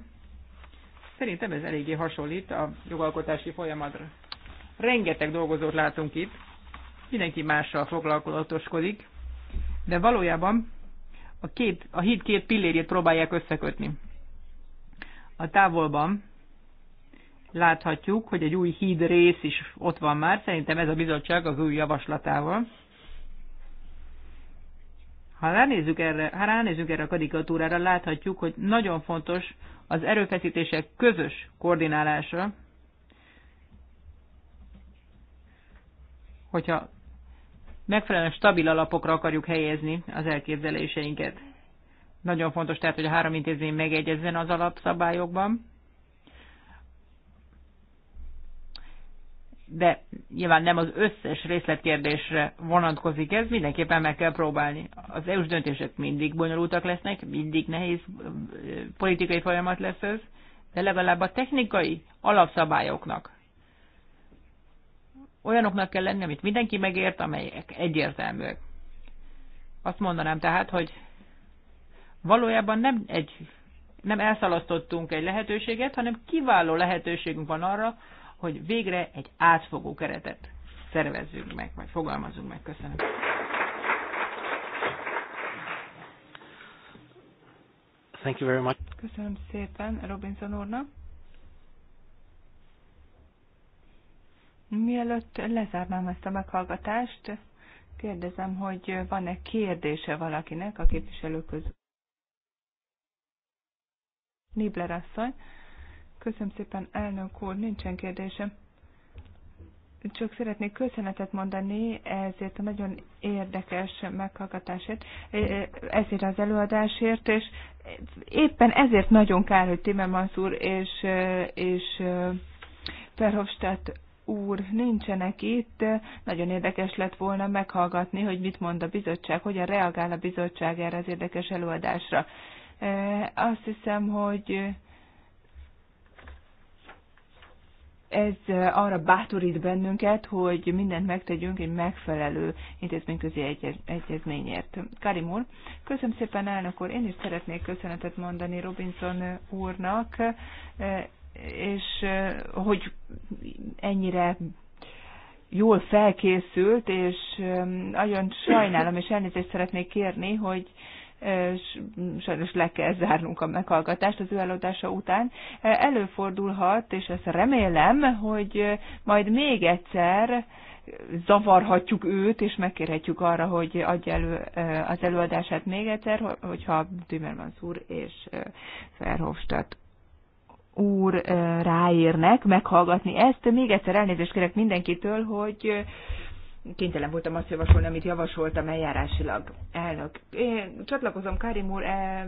Szerintem ez eléggé hasonlít a jogalkotási folyamatra. Rengeteg dolgozót látunk itt, mindenki mással foglalkozatoskodik, de valójában a, két, a híd két pillérjét próbálják összekötni. A távolban láthatjuk, hogy egy új híd rész is ott van már. Szerintem ez a bizottság az új javaslatával. Ha ránézzük erre, ha ránézzük erre a kadikatúrára, láthatjuk, hogy nagyon fontos az erőfeszítések közös koordinálása, hogyha megfelelően stabil alapokra akarjuk helyezni az elképzeléseinket. Nagyon fontos tehát, hogy a három intézmény megegyezzen az alapszabályokban, de nyilván nem az összes részletkérdésre vonatkozik ez, mindenképpen meg kell próbálni. Az EU-s döntések mindig bonyolultak lesznek, mindig nehéz politikai folyamat lesz ez, de legalább a technikai alapszabályoknak olyanoknak kell lenni, amit mindenki megért, amelyek egyértelműek. Azt mondanám tehát, hogy valójában nem egy nem elszalasztottunk egy lehetőséget, hanem kiváló lehetőségünk van arra, hogy végre egy átfogó keretet szervezzünk meg, vagy fogalmazunk meg. Köszönöm. Thank you very much. Köszönöm szépen Robinson úrnak. Mielőtt lezárnám ezt a meghallgatást, kérdezem, hogy van-e kérdése valakinek a képviselők közül. Nibler asszony. Köszönöm szépen, elnök úr, nincsen kérdésem. Csak szeretnék köszönetet mondani ezért a nagyon érdekes meghallgatásért, eh, ezért az előadásért, és éppen ezért nagyon kár, hogy Timmermans úr és, eh, és Perhofstadt eh, úr nincsenek itt. Nagyon érdekes lett volna meghallgatni, hogy mit mond a bizottság, hogyan reagál a bizottság erre az érdekes előadásra. Azt hiszem, hogy ez arra bátorít bennünket, hogy mindent megtegyünk egy megfelelő intézményközi egyez, egyezményért. Karim úr, köszönöm szépen elnök úr, én is szeretnék köszönetet mondani Robinson úrnak, és hogy ennyire jól felkészült, és nagyon sajnálom, és elnézést szeretnék kérni, hogy sajnos le kell zárnunk a meghallgatást az ő előadása után. Előfordulhat, és ezt remélem, hogy majd még egyszer zavarhatjuk őt, és megkérhetjük arra, hogy adja elő az előadását még egyszer, hogyha Timmermans úr és Ferhofstadt úr ráérnek meghallgatni ezt. Még egyszer elnézést kérek mindenkitől, hogy kénytelen voltam azt javasolni, amit javasoltam eljárásilag. Elnök, én csatlakozom Karim úr e, e,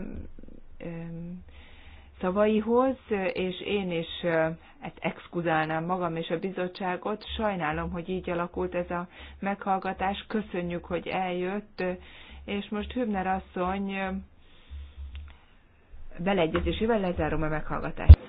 szavaihoz, és én is ezt eh, hát exkuzálnám magam és a bizottságot. Sajnálom, hogy így alakult ez a meghallgatás. Köszönjük, hogy eljött. És most Hübner asszony beleegyezésével lezárom a meghallgatást.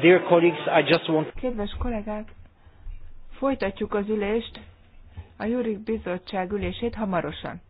dear colleagues, I just want... Kedves kollégák, folytatjuk az ülést, a Jurik Bizottság ülését hamarosan.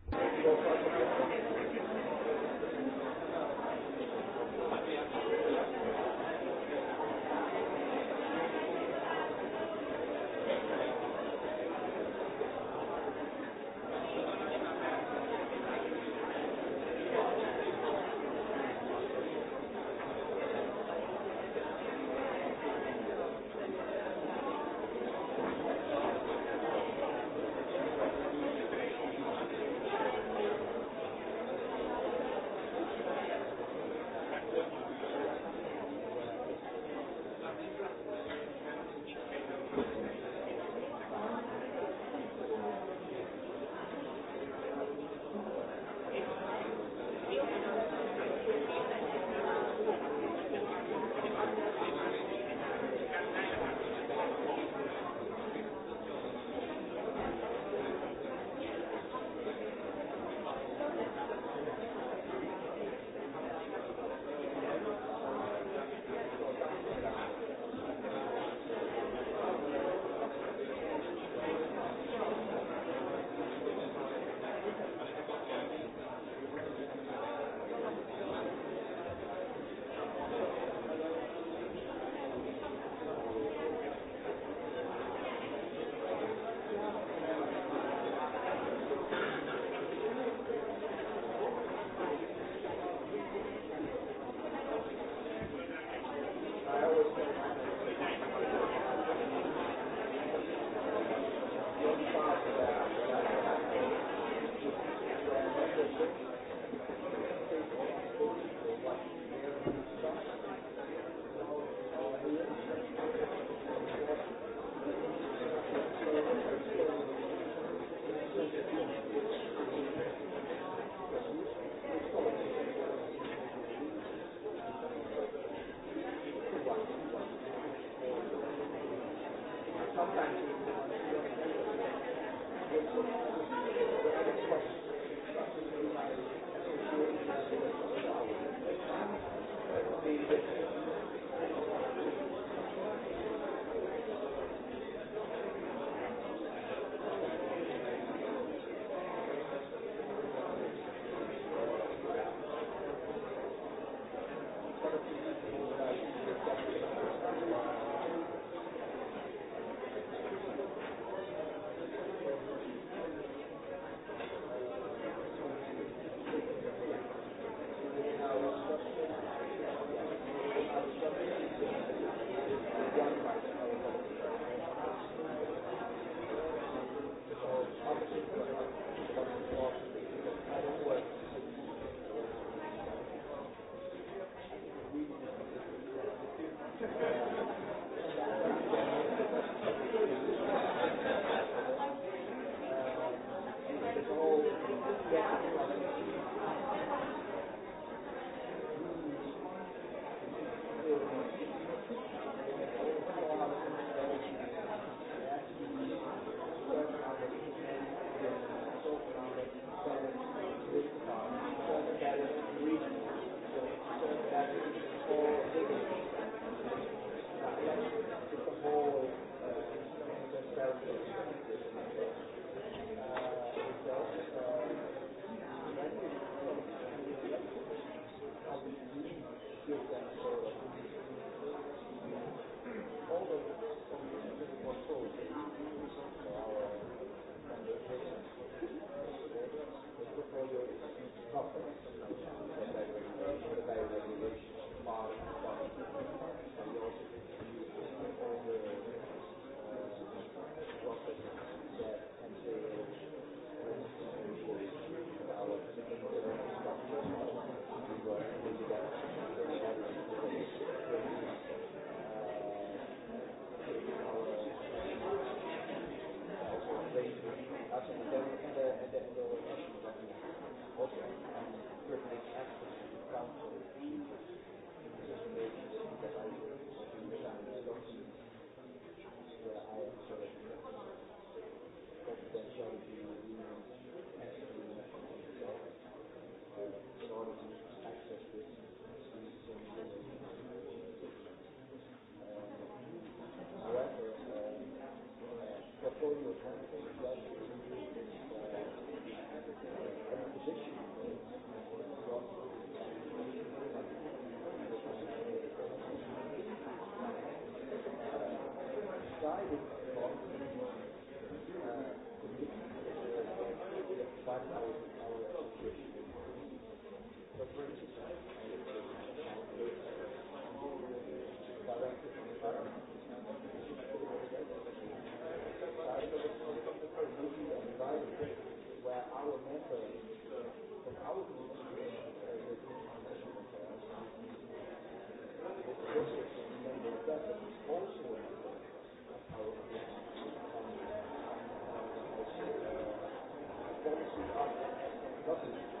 Das ist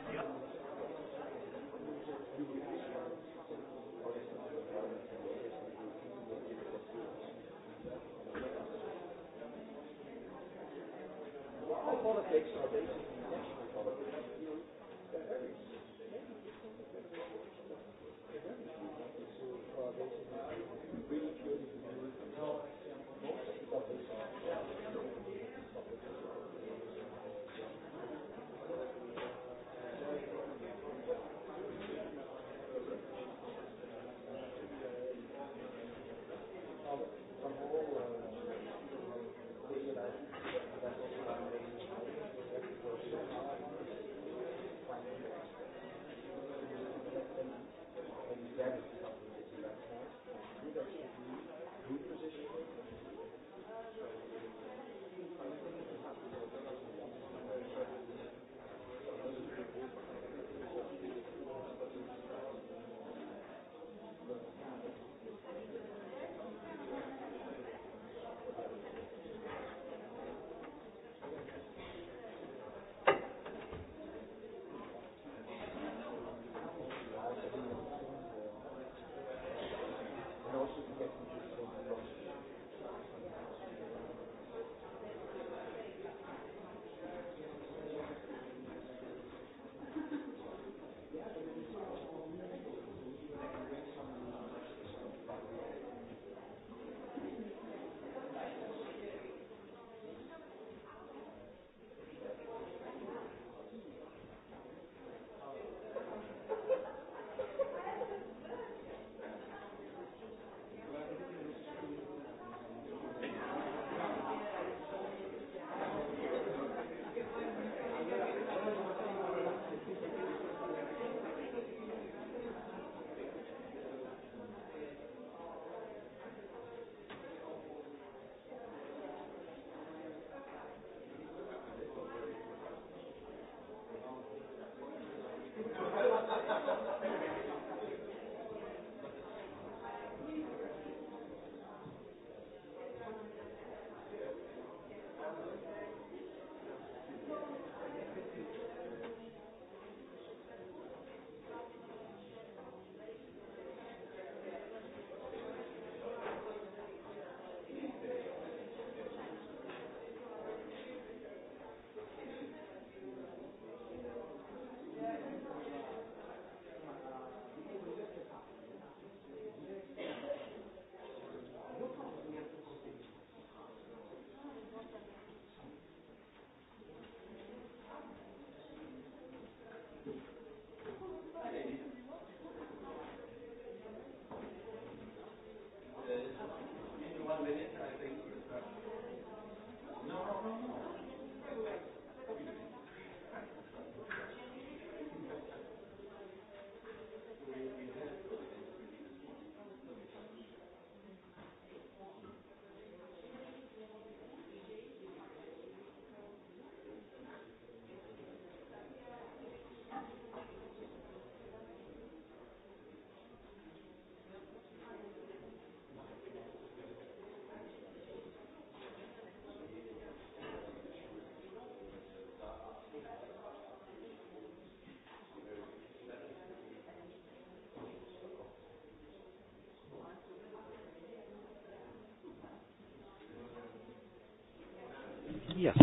Yes.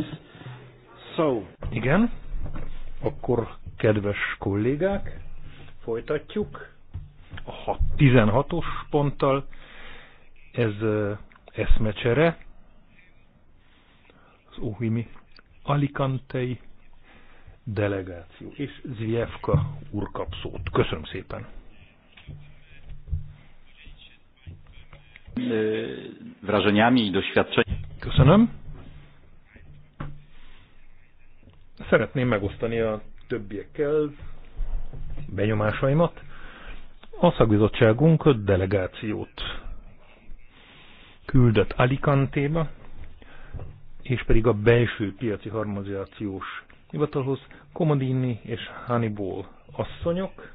So. Igen. Akkor, kedves kollégák, folytatjuk a 16-os ponttal. Ez eszmecsere, az Ohimi Alicantei delegáció, és Zvievka úr kap szót. Köszönöm szépen. Wrażeniami i doświadczeniami. Köszönöm. szeretném megosztani a többiekkel benyomásaimat. A szakbizottságunk delegációt küldött Alicantéba, és pedig a belső piaci harmonizációs hivatalhoz Komodini és Hannibal asszonyok,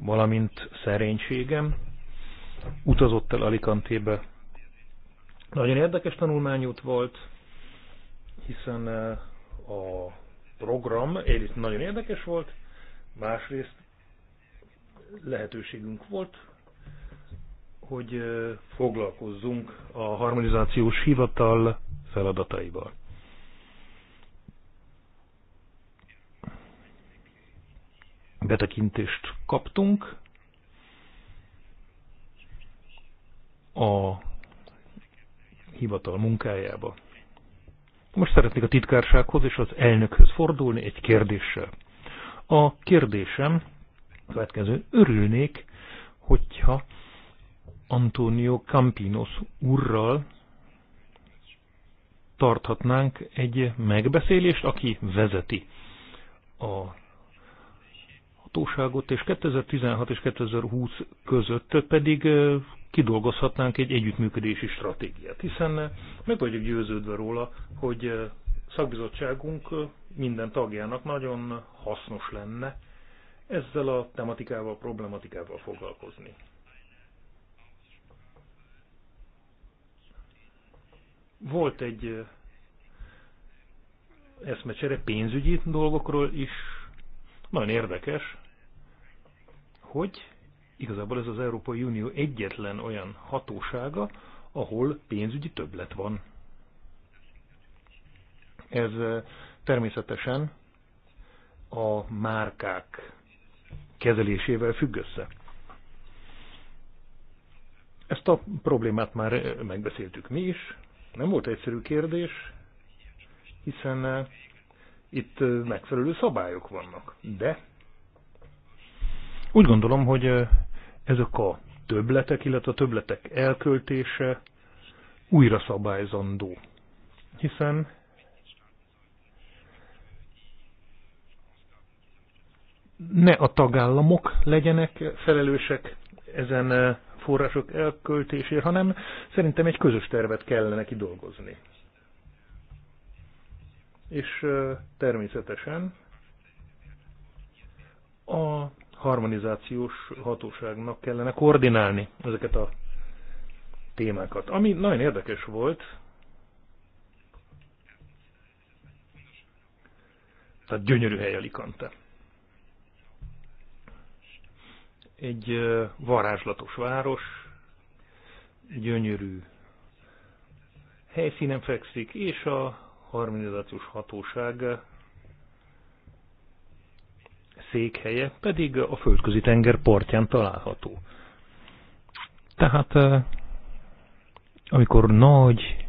valamint szerénységem utazott el Alicantébe. Nagyon érdekes tanulmányút volt, hiszen eh, a program egyrészt nagyon érdekes volt, másrészt lehetőségünk volt, hogy foglalkozzunk a harmonizációs hivatal feladataival. Betekintést kaptunk a hivatal munkájába. Most szeretnék a titkársághoz és az elnökhöz fordulni egy kérdéssel. A kérdésem következő. Örülnék, hogyha Antonio Campinos urral tarthatnánk egy megbeszélést, aki vezeti a hatóságot, és 2016 és 2020 között pedig kidolgozhatnánk egy együttműködési stratégiát, hiszen meg vagyok győződve róla, hogy eh, szakbizottságunk eh, minden tagjának nagyon hasznos lenne ezzel a tematikával, problematikával foglalkozni. Volt egy eh, eszmecsere pénzügyi dolgokról is, nagyon érdekes, hogy Igazából ez az Európai Unió egyetlen olyan hatósága, ahol pénzügyi többlet van. Ez természetesen a márkák kezelésével függ össze. Ezt a problémát már megbeszéltük mi is. Nem volt egyszerű kérdés, hiszen itt megfelelő szabályok vannak. De úgy gondolom, hogy ezek a töbletek, illetve a töbletek elköltése újra szabályzandó. Hiszen ne a tagállamok legyenek felelősek ezen eh, források elköltésért, hanem szerintem egy közös tervet kellene kidolgozni. És eh, természetesen a harmonizációs hatóságnak kellene koordinálni ezeket a témákat. Ami nagyon érdekes volt, tehát gyönyörű hely a Likante. Egy varázslatos város, gyönyörű helyszínen fekszik, és a harmonizációs hatóság székhelye pedig a földközi tenger partján található. Tehát eh, amikor nagy,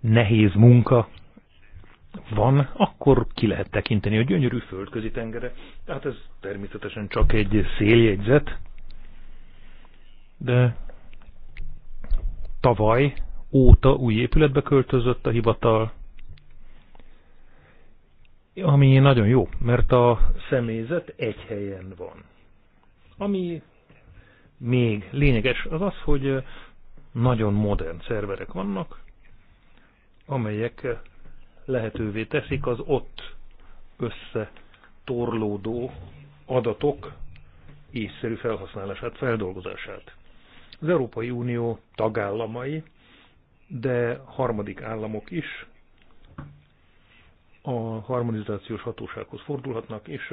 nehéz munka van, akkor ki lehet tekinteni a gyönyörű földközi tengere. Tehát ez természetesen csak egy széljegyzet, de tavaly óta új épületbe költözött a hivatal, ami nagyon jó, mert a személyzet egy helyen van. Ami még lényeges az az, hogy nagyon modern szerverek vannak, amelyek lehetővé teszik az ott összetorlódó adatok észszerű felhasználását, feldolgozását. Az Európai Unió tagállamai, de harmadik államok is a harmonizációs hatósághoz fordulhatnak, és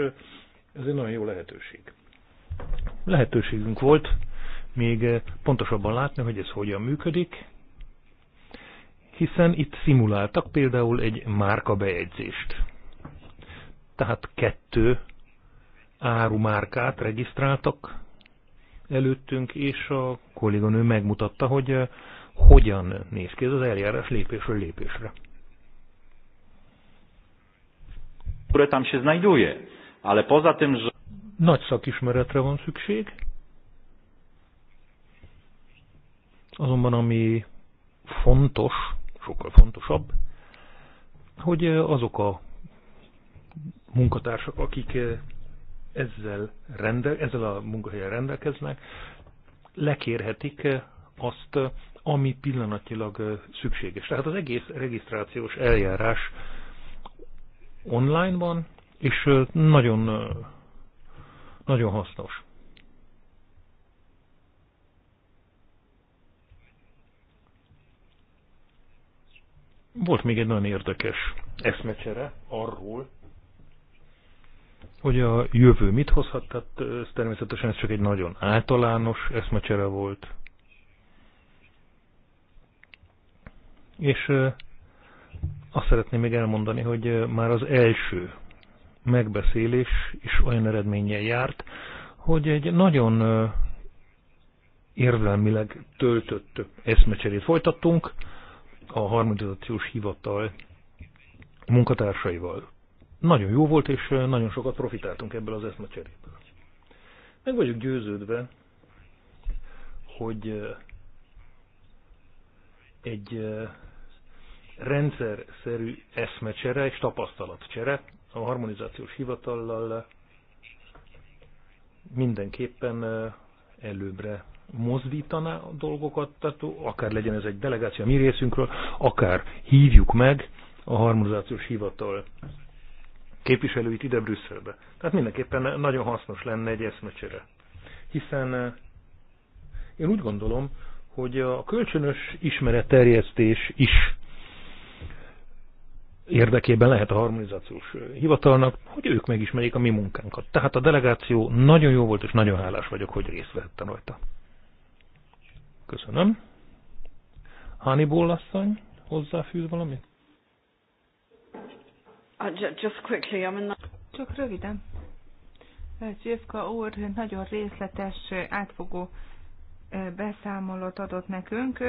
ez egy nagyon jó lehetőség. Lehetőségünk volt még pontosabban látni, hogy ez hogyan működik, hiszen itt szimuláltak például egy márkabejegyzést. Tehát kettő árumárkát regisztráltak előttünk, és a kolléganő megmutatta, hogy hogyan néz ki ez az eljárás lépésről lépésre. które tam się znajduje. Ale poza tym, że... Nagy szakismeretre van szükség. Azonban ami fontos, sokkal fontosabb, hogy azok a munkatársak, akik ezzel, rendel, ezzel a munkahelyen rendelkeznek, lekérhetik azt, ami pillanatilag szükséges. Tehát az egész regisztrációs eljárás online van, és nagyon, nagyon hasznos. Volt még egy nagyon érdekes eszmecsere arról, hogy a jövő mit hozhat, tehát ez természetesen ez csak egy nagyon általános eszmecsere volt. És azt szeretném még elmondani, hogy már az első megbeszélés is olyan eredménnyel járt, hogy egy nagyon érzelmileg töltött eszmecserét folytattunk a harmonizációs hivatal munkatársaival. Nagyon jó volt, és nagyon sokat profitáltunk ebből az eszmecseréből. Meg vagyok győződve, hogy egy rendszerszerű eszmecsere és tapasztalatcsere a harmonizációs hivatallal mindenképpen előbbre mozdítaná a dolgokat, tehát akár legyen ez egy delegáció a mi részünkről, akár hívjuk meg a harmonizációs hivatal képviselőit ide Brüsszelbe. Tehát mindenképpen nagyon hasznos lenne egy eszmecsere. Hiszen én úgy gondolom, hogy a kölcsönös ismeretterjesztés is érdekében lehet a harmonizációs hivatalnak, hogy ők megismerjék a mi munkánkat. Tehát a delegáció nagyon jó volt, és nagyon hálás vagyok, hogy részt vehettem rajta. Köszönöm. Hannibal asszony, hozzáfűz valamit? Uh, just quickly, I mean... Csak röviden. Csivka eh, úr nagyon részletes, eh, átfogó eh, beszámolót adott nekünk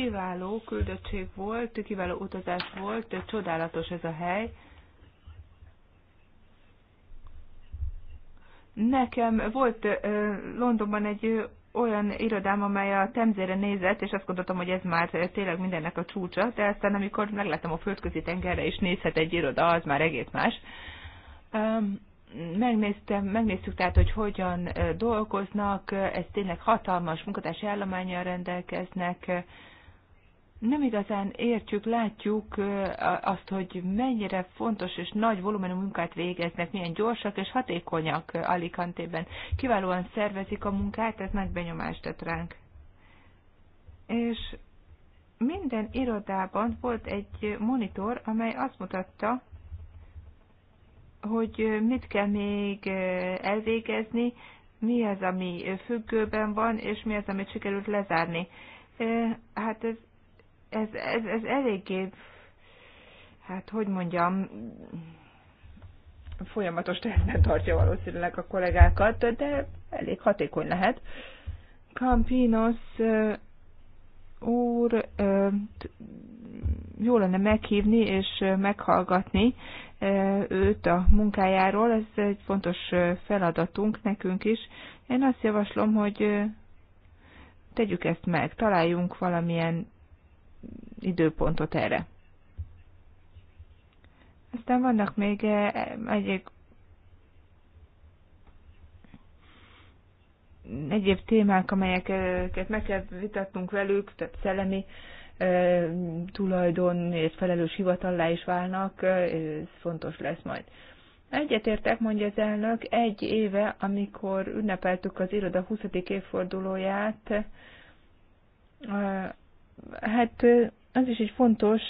kiváló küldöttség volt, kiváló utazás volt, csodálatos ez a hely. Nekem volt Londonban egy olyan irodám, amely a Temzére nézett, és azt gondoltam, hogy ez már tényleg mindennek a csúcsa, de aztán amikor megláttam a földközi tengerre, és nézhet egy iroda, az már egész más. Megnéztem, megnéztük tehát, hogy hogyan dolgoznak, ez tényleg hatalmas munkatársi állományjal rendelkeznek, nem igazán értjük, látjuk azt, hogy mennyire fontos és nagy volumenű munkát végeznek, milyen gyorsak és hatékonyak Alicantében. Kiválóan szervezik a munkát, ez nagy benyomást tett ránk. És minden irodában volt egy monitor, amely azt mutatta, hogy mit kell még elvégezni, mi az, ami függőben van, és mi az, amit sikerült lezárni. Hát ez ez, ez, ez eléggé, hát hogy mondjam, folyamatos tervben tartja valószínűleg a kollégákat, de elég hatékony lehet. Campinos úr jó lenne meghívni és meghallgatni őt a munkájáról, ez egy fontos feladatunk nekünk is. Én azt javaslom, hogy tegyük ezt meg, találjunk valamilyen időpontot erre. Aztán vannak még eh, egyéb, egyéb témák, amelyeket meg kell vitatnunk velük, tehát szellemi eh, tulajdon és felelős hivatallá is válnak, eh, ez fontos lesz majd. Egyetértek, mondja az elnök, egy éve, amikor ünnepeltük az iroda 20. évfordulóját, hát az is egy fontos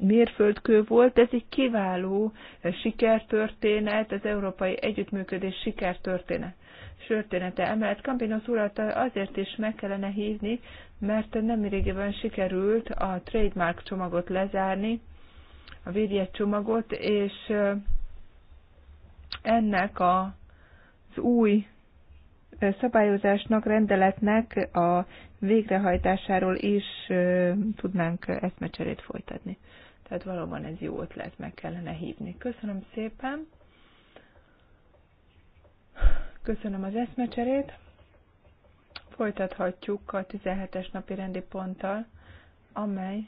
mérföldkő volt, ez egy kiváló sikertörténet, az európai együttműködés sikertörténet. Sörténete emellett Campinos urat azért is meg kellene hívni, mert nem régiben sikerült a trademark csomagot lezárni, a védjegy csomagot, és ennek a, az új szabályozásnak, rendeletnek a végrehajtásáról is tudnánk eszmecserét folytatni. Tehát valóban ez jó ötlet, meg kellene hívni. Köszönöm szépen. Köszönöm az eszmecserét. Folytathatjuk a 17-es napi rendi ponttal, amely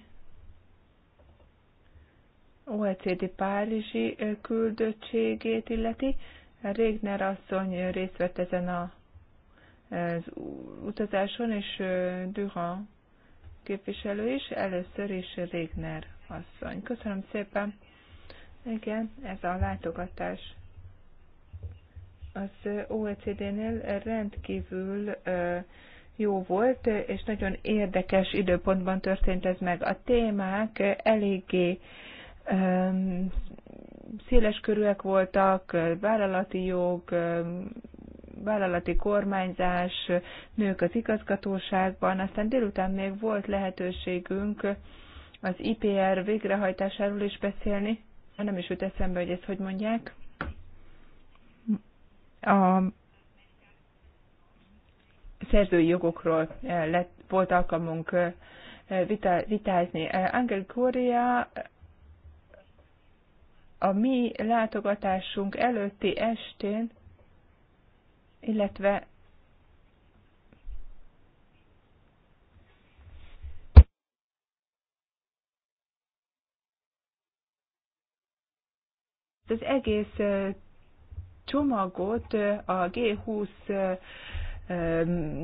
OECD Párizsi küldöttségét illeti. Régner asszony részt vett ezen a az utazáson, és Duha képviselő is, először is Régner asszony. Köszönöm szépen. Igen, ez a látogatás az OECD-nél rendkívül jó volt, és nagyon érdekes időpontban történt ez meg. A témák eléggé körűek voltak, vállalati jog, vállalati kormányzás, nők az igazgatóságban, aztán délután még volt lehetőségünk az IPR végrehajtásáról is beszélni. Nem is jut eszembe, hogy ezt hogy mondják. A szerzői jogokról eh, lett, volt alkalmunk eh, vita, vitázni. Eh, Angel Korea a mi látogatásunk előtti estén illetve az egész csomagot a G20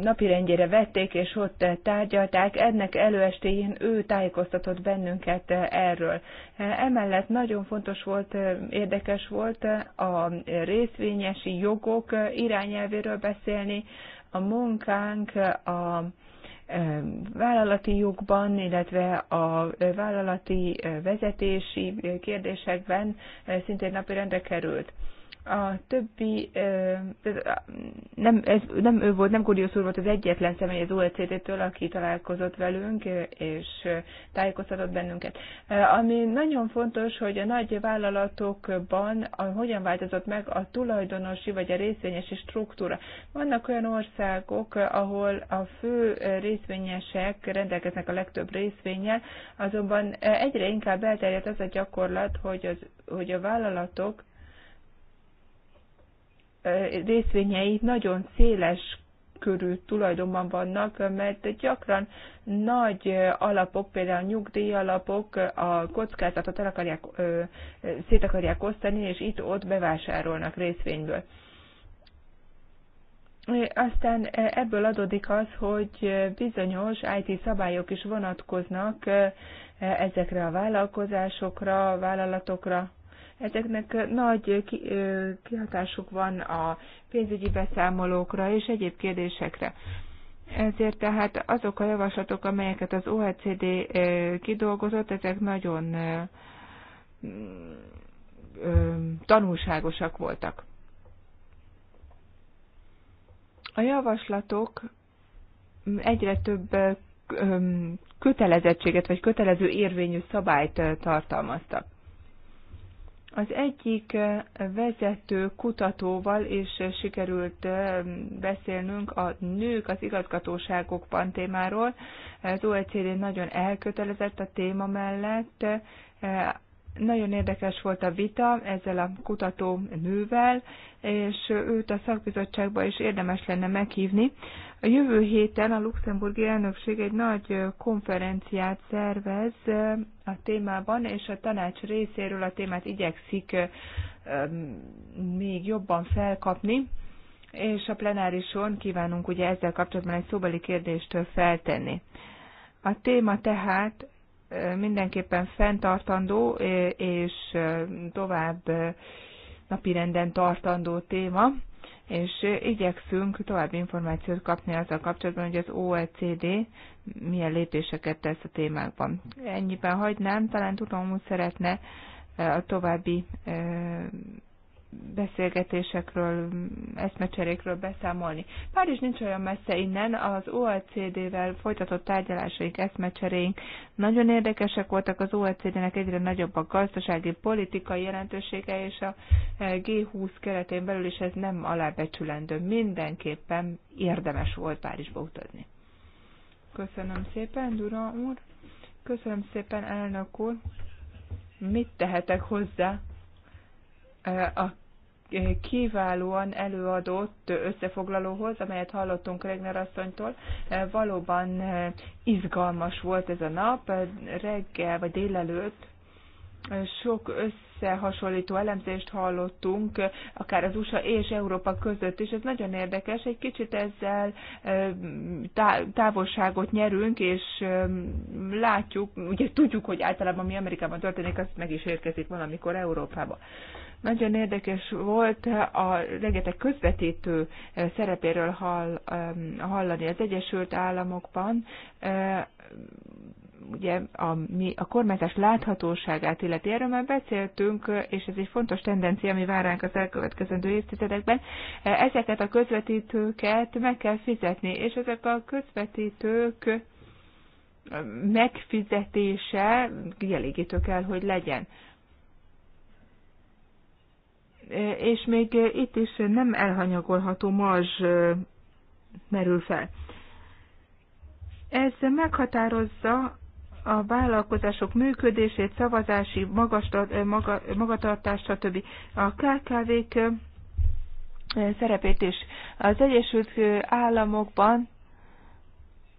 napirendjére vették, és ott tárgyalták. Ennek előestéjén ő tájékoztatott bennünket erről. Emellett nagyon fontos volt, érdekes volt a részvényesi jogok irányelvéről beszélni. A munkánk a vállalati jogban, illetve a vállalati vezetési kérdésekben szintén napirendre került a többi, nem, ez, nem ő volt, nem Kuriusz úr volt az egyetlen személy az OECD-től, aki találkozott velünk, és tájékoztatott bennünket. Ami nagyon fontos, hogy a nagy vállalatokban a, hogyan változott meg a tulajdonosi vagy a részvényesi struktúra. Vannak olyan országok, ahol a fő részvényesek rendelkeznek a legtöbb részvényel, azonban egyre inkább elterjedt az a gyakorlat, hogy, az, hogy a vállalatok részvényei nagyon széles körül tulajdonban vannak, mert gyakran nagy alapok, például nyugdíjalapok a kockázatot el akarják, szét akarják osztani, és itt-ott bevásárolnak részvényből. Aztán ebből adódik az, hogy bizonyos IT szabályok is vonatkoznak ezekre a vállalkozásokra, vállalatokra, Ezeknek nagy kihatásuk van a pénzügyi beszámolókra és egyéb kérdésekre. Ezért tehát azok a javaslatok, amelyeket az OECD kidolgozott, ezek nagyon tanulságosak voltak. A javaslatok egyre több kötelezettséget vagy kötelező érvényű szabályt tartalmaztak. Az egyik vezető kutatóval is sikerült beszélnünk a nők az igazgatóságokban témáról. Az OECD nagyon elkötelezett a téma mellett, nagyon érdekes volt a vita ezzel a kutató nővel, és őt a szakbizottságba is érdemes lenne meghívni. A jövő héten a luxemburgi elnökség egy nagy konferenciát szervez a témában, és a tanács részéről a témát igyekszik még jobban felkapni, és a plenárison kívánunk ugye ezzel kapcsolatban egy szóbeli kérdést feltenni. A téma tehát mindenképpen fenntartandó és tovább napirenden tartandó téma, és igyekszünk további információt kapni azzal kapcsolatban, hogy az OECD milyen lépéseket tesz a témákban. Ennyiben hagynám, talán tudom, hogy szeretne a további beszélgetésekről, eszmecserékről beszámolni. Párizs nincs olyan messze innen, az OECD-vel folytatott tárgyalásaink, eszmecseréink nagyon érdekesek voltak, az OECD-nek egyre nagyobb a gazdasági, politikai jelentősége, és a eh, G20 keretén belül is ez nem alábecsülendő. Mindenképpen érdemes volt Párizsba utazni. Köszönöm szépen, Dura úr. Köszönöm szépen, elnök úr. Mit tehetek hozzá? a kiválóan előadott összefoglalóhoz, amelyet hallottunk Regner asszonytól. Valóban izgalmas volt ez a nap, reggel vagy délelőtt sok összehasonlító elemzést hallottunk, akár az USA és Európa között is. Ez nagyon érdekes, egy kicsit ezzel távolságot nyerünk, és látjuk, ugye tudjuk, hogy általában mi Amerikában történik, az meg is érkezik valamikor Európába. Nagyon érdekes volt a rengeteg közvetítő eh, szerepéről hall, eh, hallani az Egyesült Államokban. Eh, ugye a, mi a kormányzás láthatóságát illeti, erről már beszéltünk, és ez egy fontos tendencia, ami vár ránk az elkövetkezendő évtizedekben. Ezeket a közvetítőket meg kell fizetni, és ezek a közvetítők megfizetése kielégítő kell, hogy legyen és még itt is nem elhanyagolható mazs merül fel. Ez meghatározza a vállalkozások működését, szavazási magatartást, stb. A KKV-k szerepét is. Az Egyesült Államokban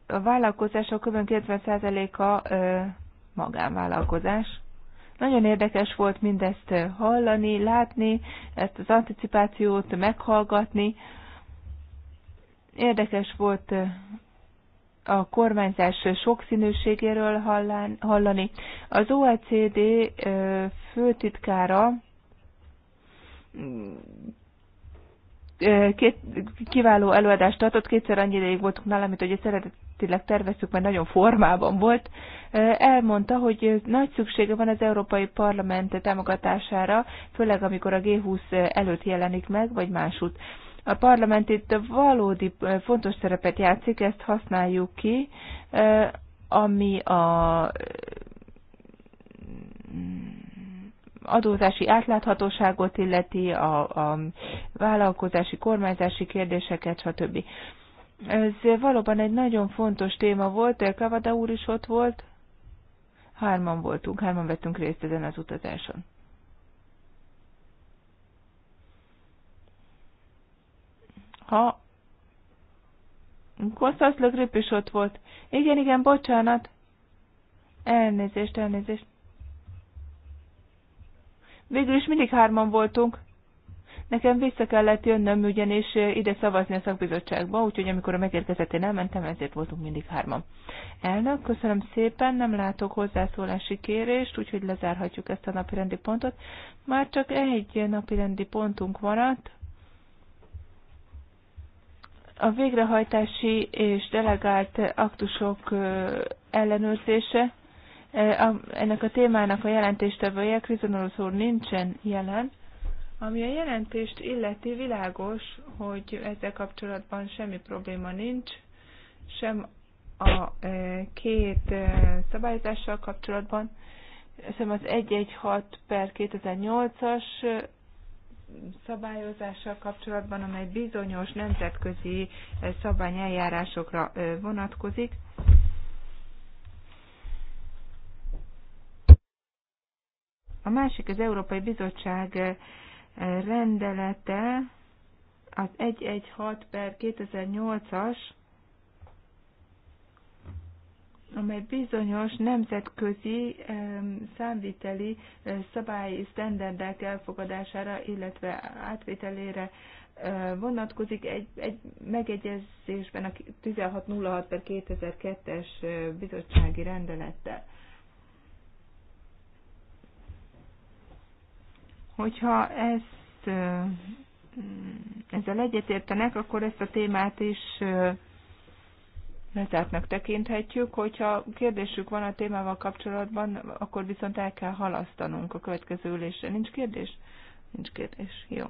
a vállalkozások kb. 90%-a magánvállalkozás. Nagyon érdekes volt mindezt eh, hallani, látni, ezt az anticipációt meghallgatni. Érdekes volt eh, a kormányzás sokszínűségéről hallani. Az OECD eh, főtitkára két kiváló előadást tartott, kétszer annyi ideig voltunk nálam, mint hogy szeretett eredetileg terveztük, mert nagyon formában volt, elmondta, hogy nagy szüksége van az Európai Parlament támogatására, főleg amikor a G20 előtt jelenik meg, vagy másút. A parlament itt valódi fontos szerepet játszik, ezt használjuk ki, ami a adózási átláthatóságot illeti, a, a vállalkozási, kormányzási kérdéseket, stb. Ez valóban egy nagyon fontos téma volt, Kavada úr is ott volt. Hárman voltunk, hárman vettünk részt ezen az utazáson. Ha Kostas Le Grip is ott volt. Igen, igen, bocsánat. Elnézést, elnézést. Végül is mindig hárman voltunk. Nekem vissza kellett jönnöm, ugyanis eh, ide szavazni a szakbizottságba, úgyhogy amikor a megérkezett, én elmentem, ezért voltunk mindig hárman. Elnök, köszönöm szépen, nem látok hozzászólási kérést, úgyhogy lezárhatjuk ezt a napirendi pontot. Már csak egy napirendi pontunk maradt, a végrehajtási és delegált aktusok eh, ellenőrzése. Eh, ennek a témának a jelentéstevője, Krizonorosz úr nincsen jelen, ami a jelentést illeti, világos, hogy ezzel kapcsolatban semmi probléma nincs, sem a e, két e, szabályozással kapcsolatban, sem az 116 per 2008-as e, szabályozással kapcsolatban, amely bizonyos nemzetközi szabványeljárásokra vonatkozik. A másik az Európai Bizottság rendelete az 116 per 2008-as, amely bizonyos nemzetközi számviteli szabályi sztenderdek elfogadására, illetve átvételére vonatkozik egy, egy megegyezésben a 1606 per 2002-es bizottsági rendelettel. Hogyha ezt mm, ezzel egyetértenek, akkor ezt a témát is lezártnak tekinthetjük. Hogyha kérdésük van a témával kapcsolatban, akkor viszont el kell halasztanunk a következő ülésre. Nincs kérdés? Nincs kérdés. Jó.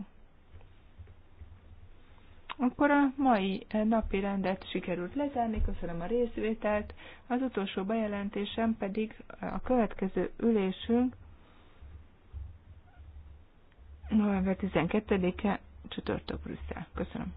Akkor a mai napi rendet sikerült lezárni, köszönöm a részvételt. Az utolsó bejelentésem pedig a következő ülésünk november 12-e, csütörtök Brüsszel. Köszönöm.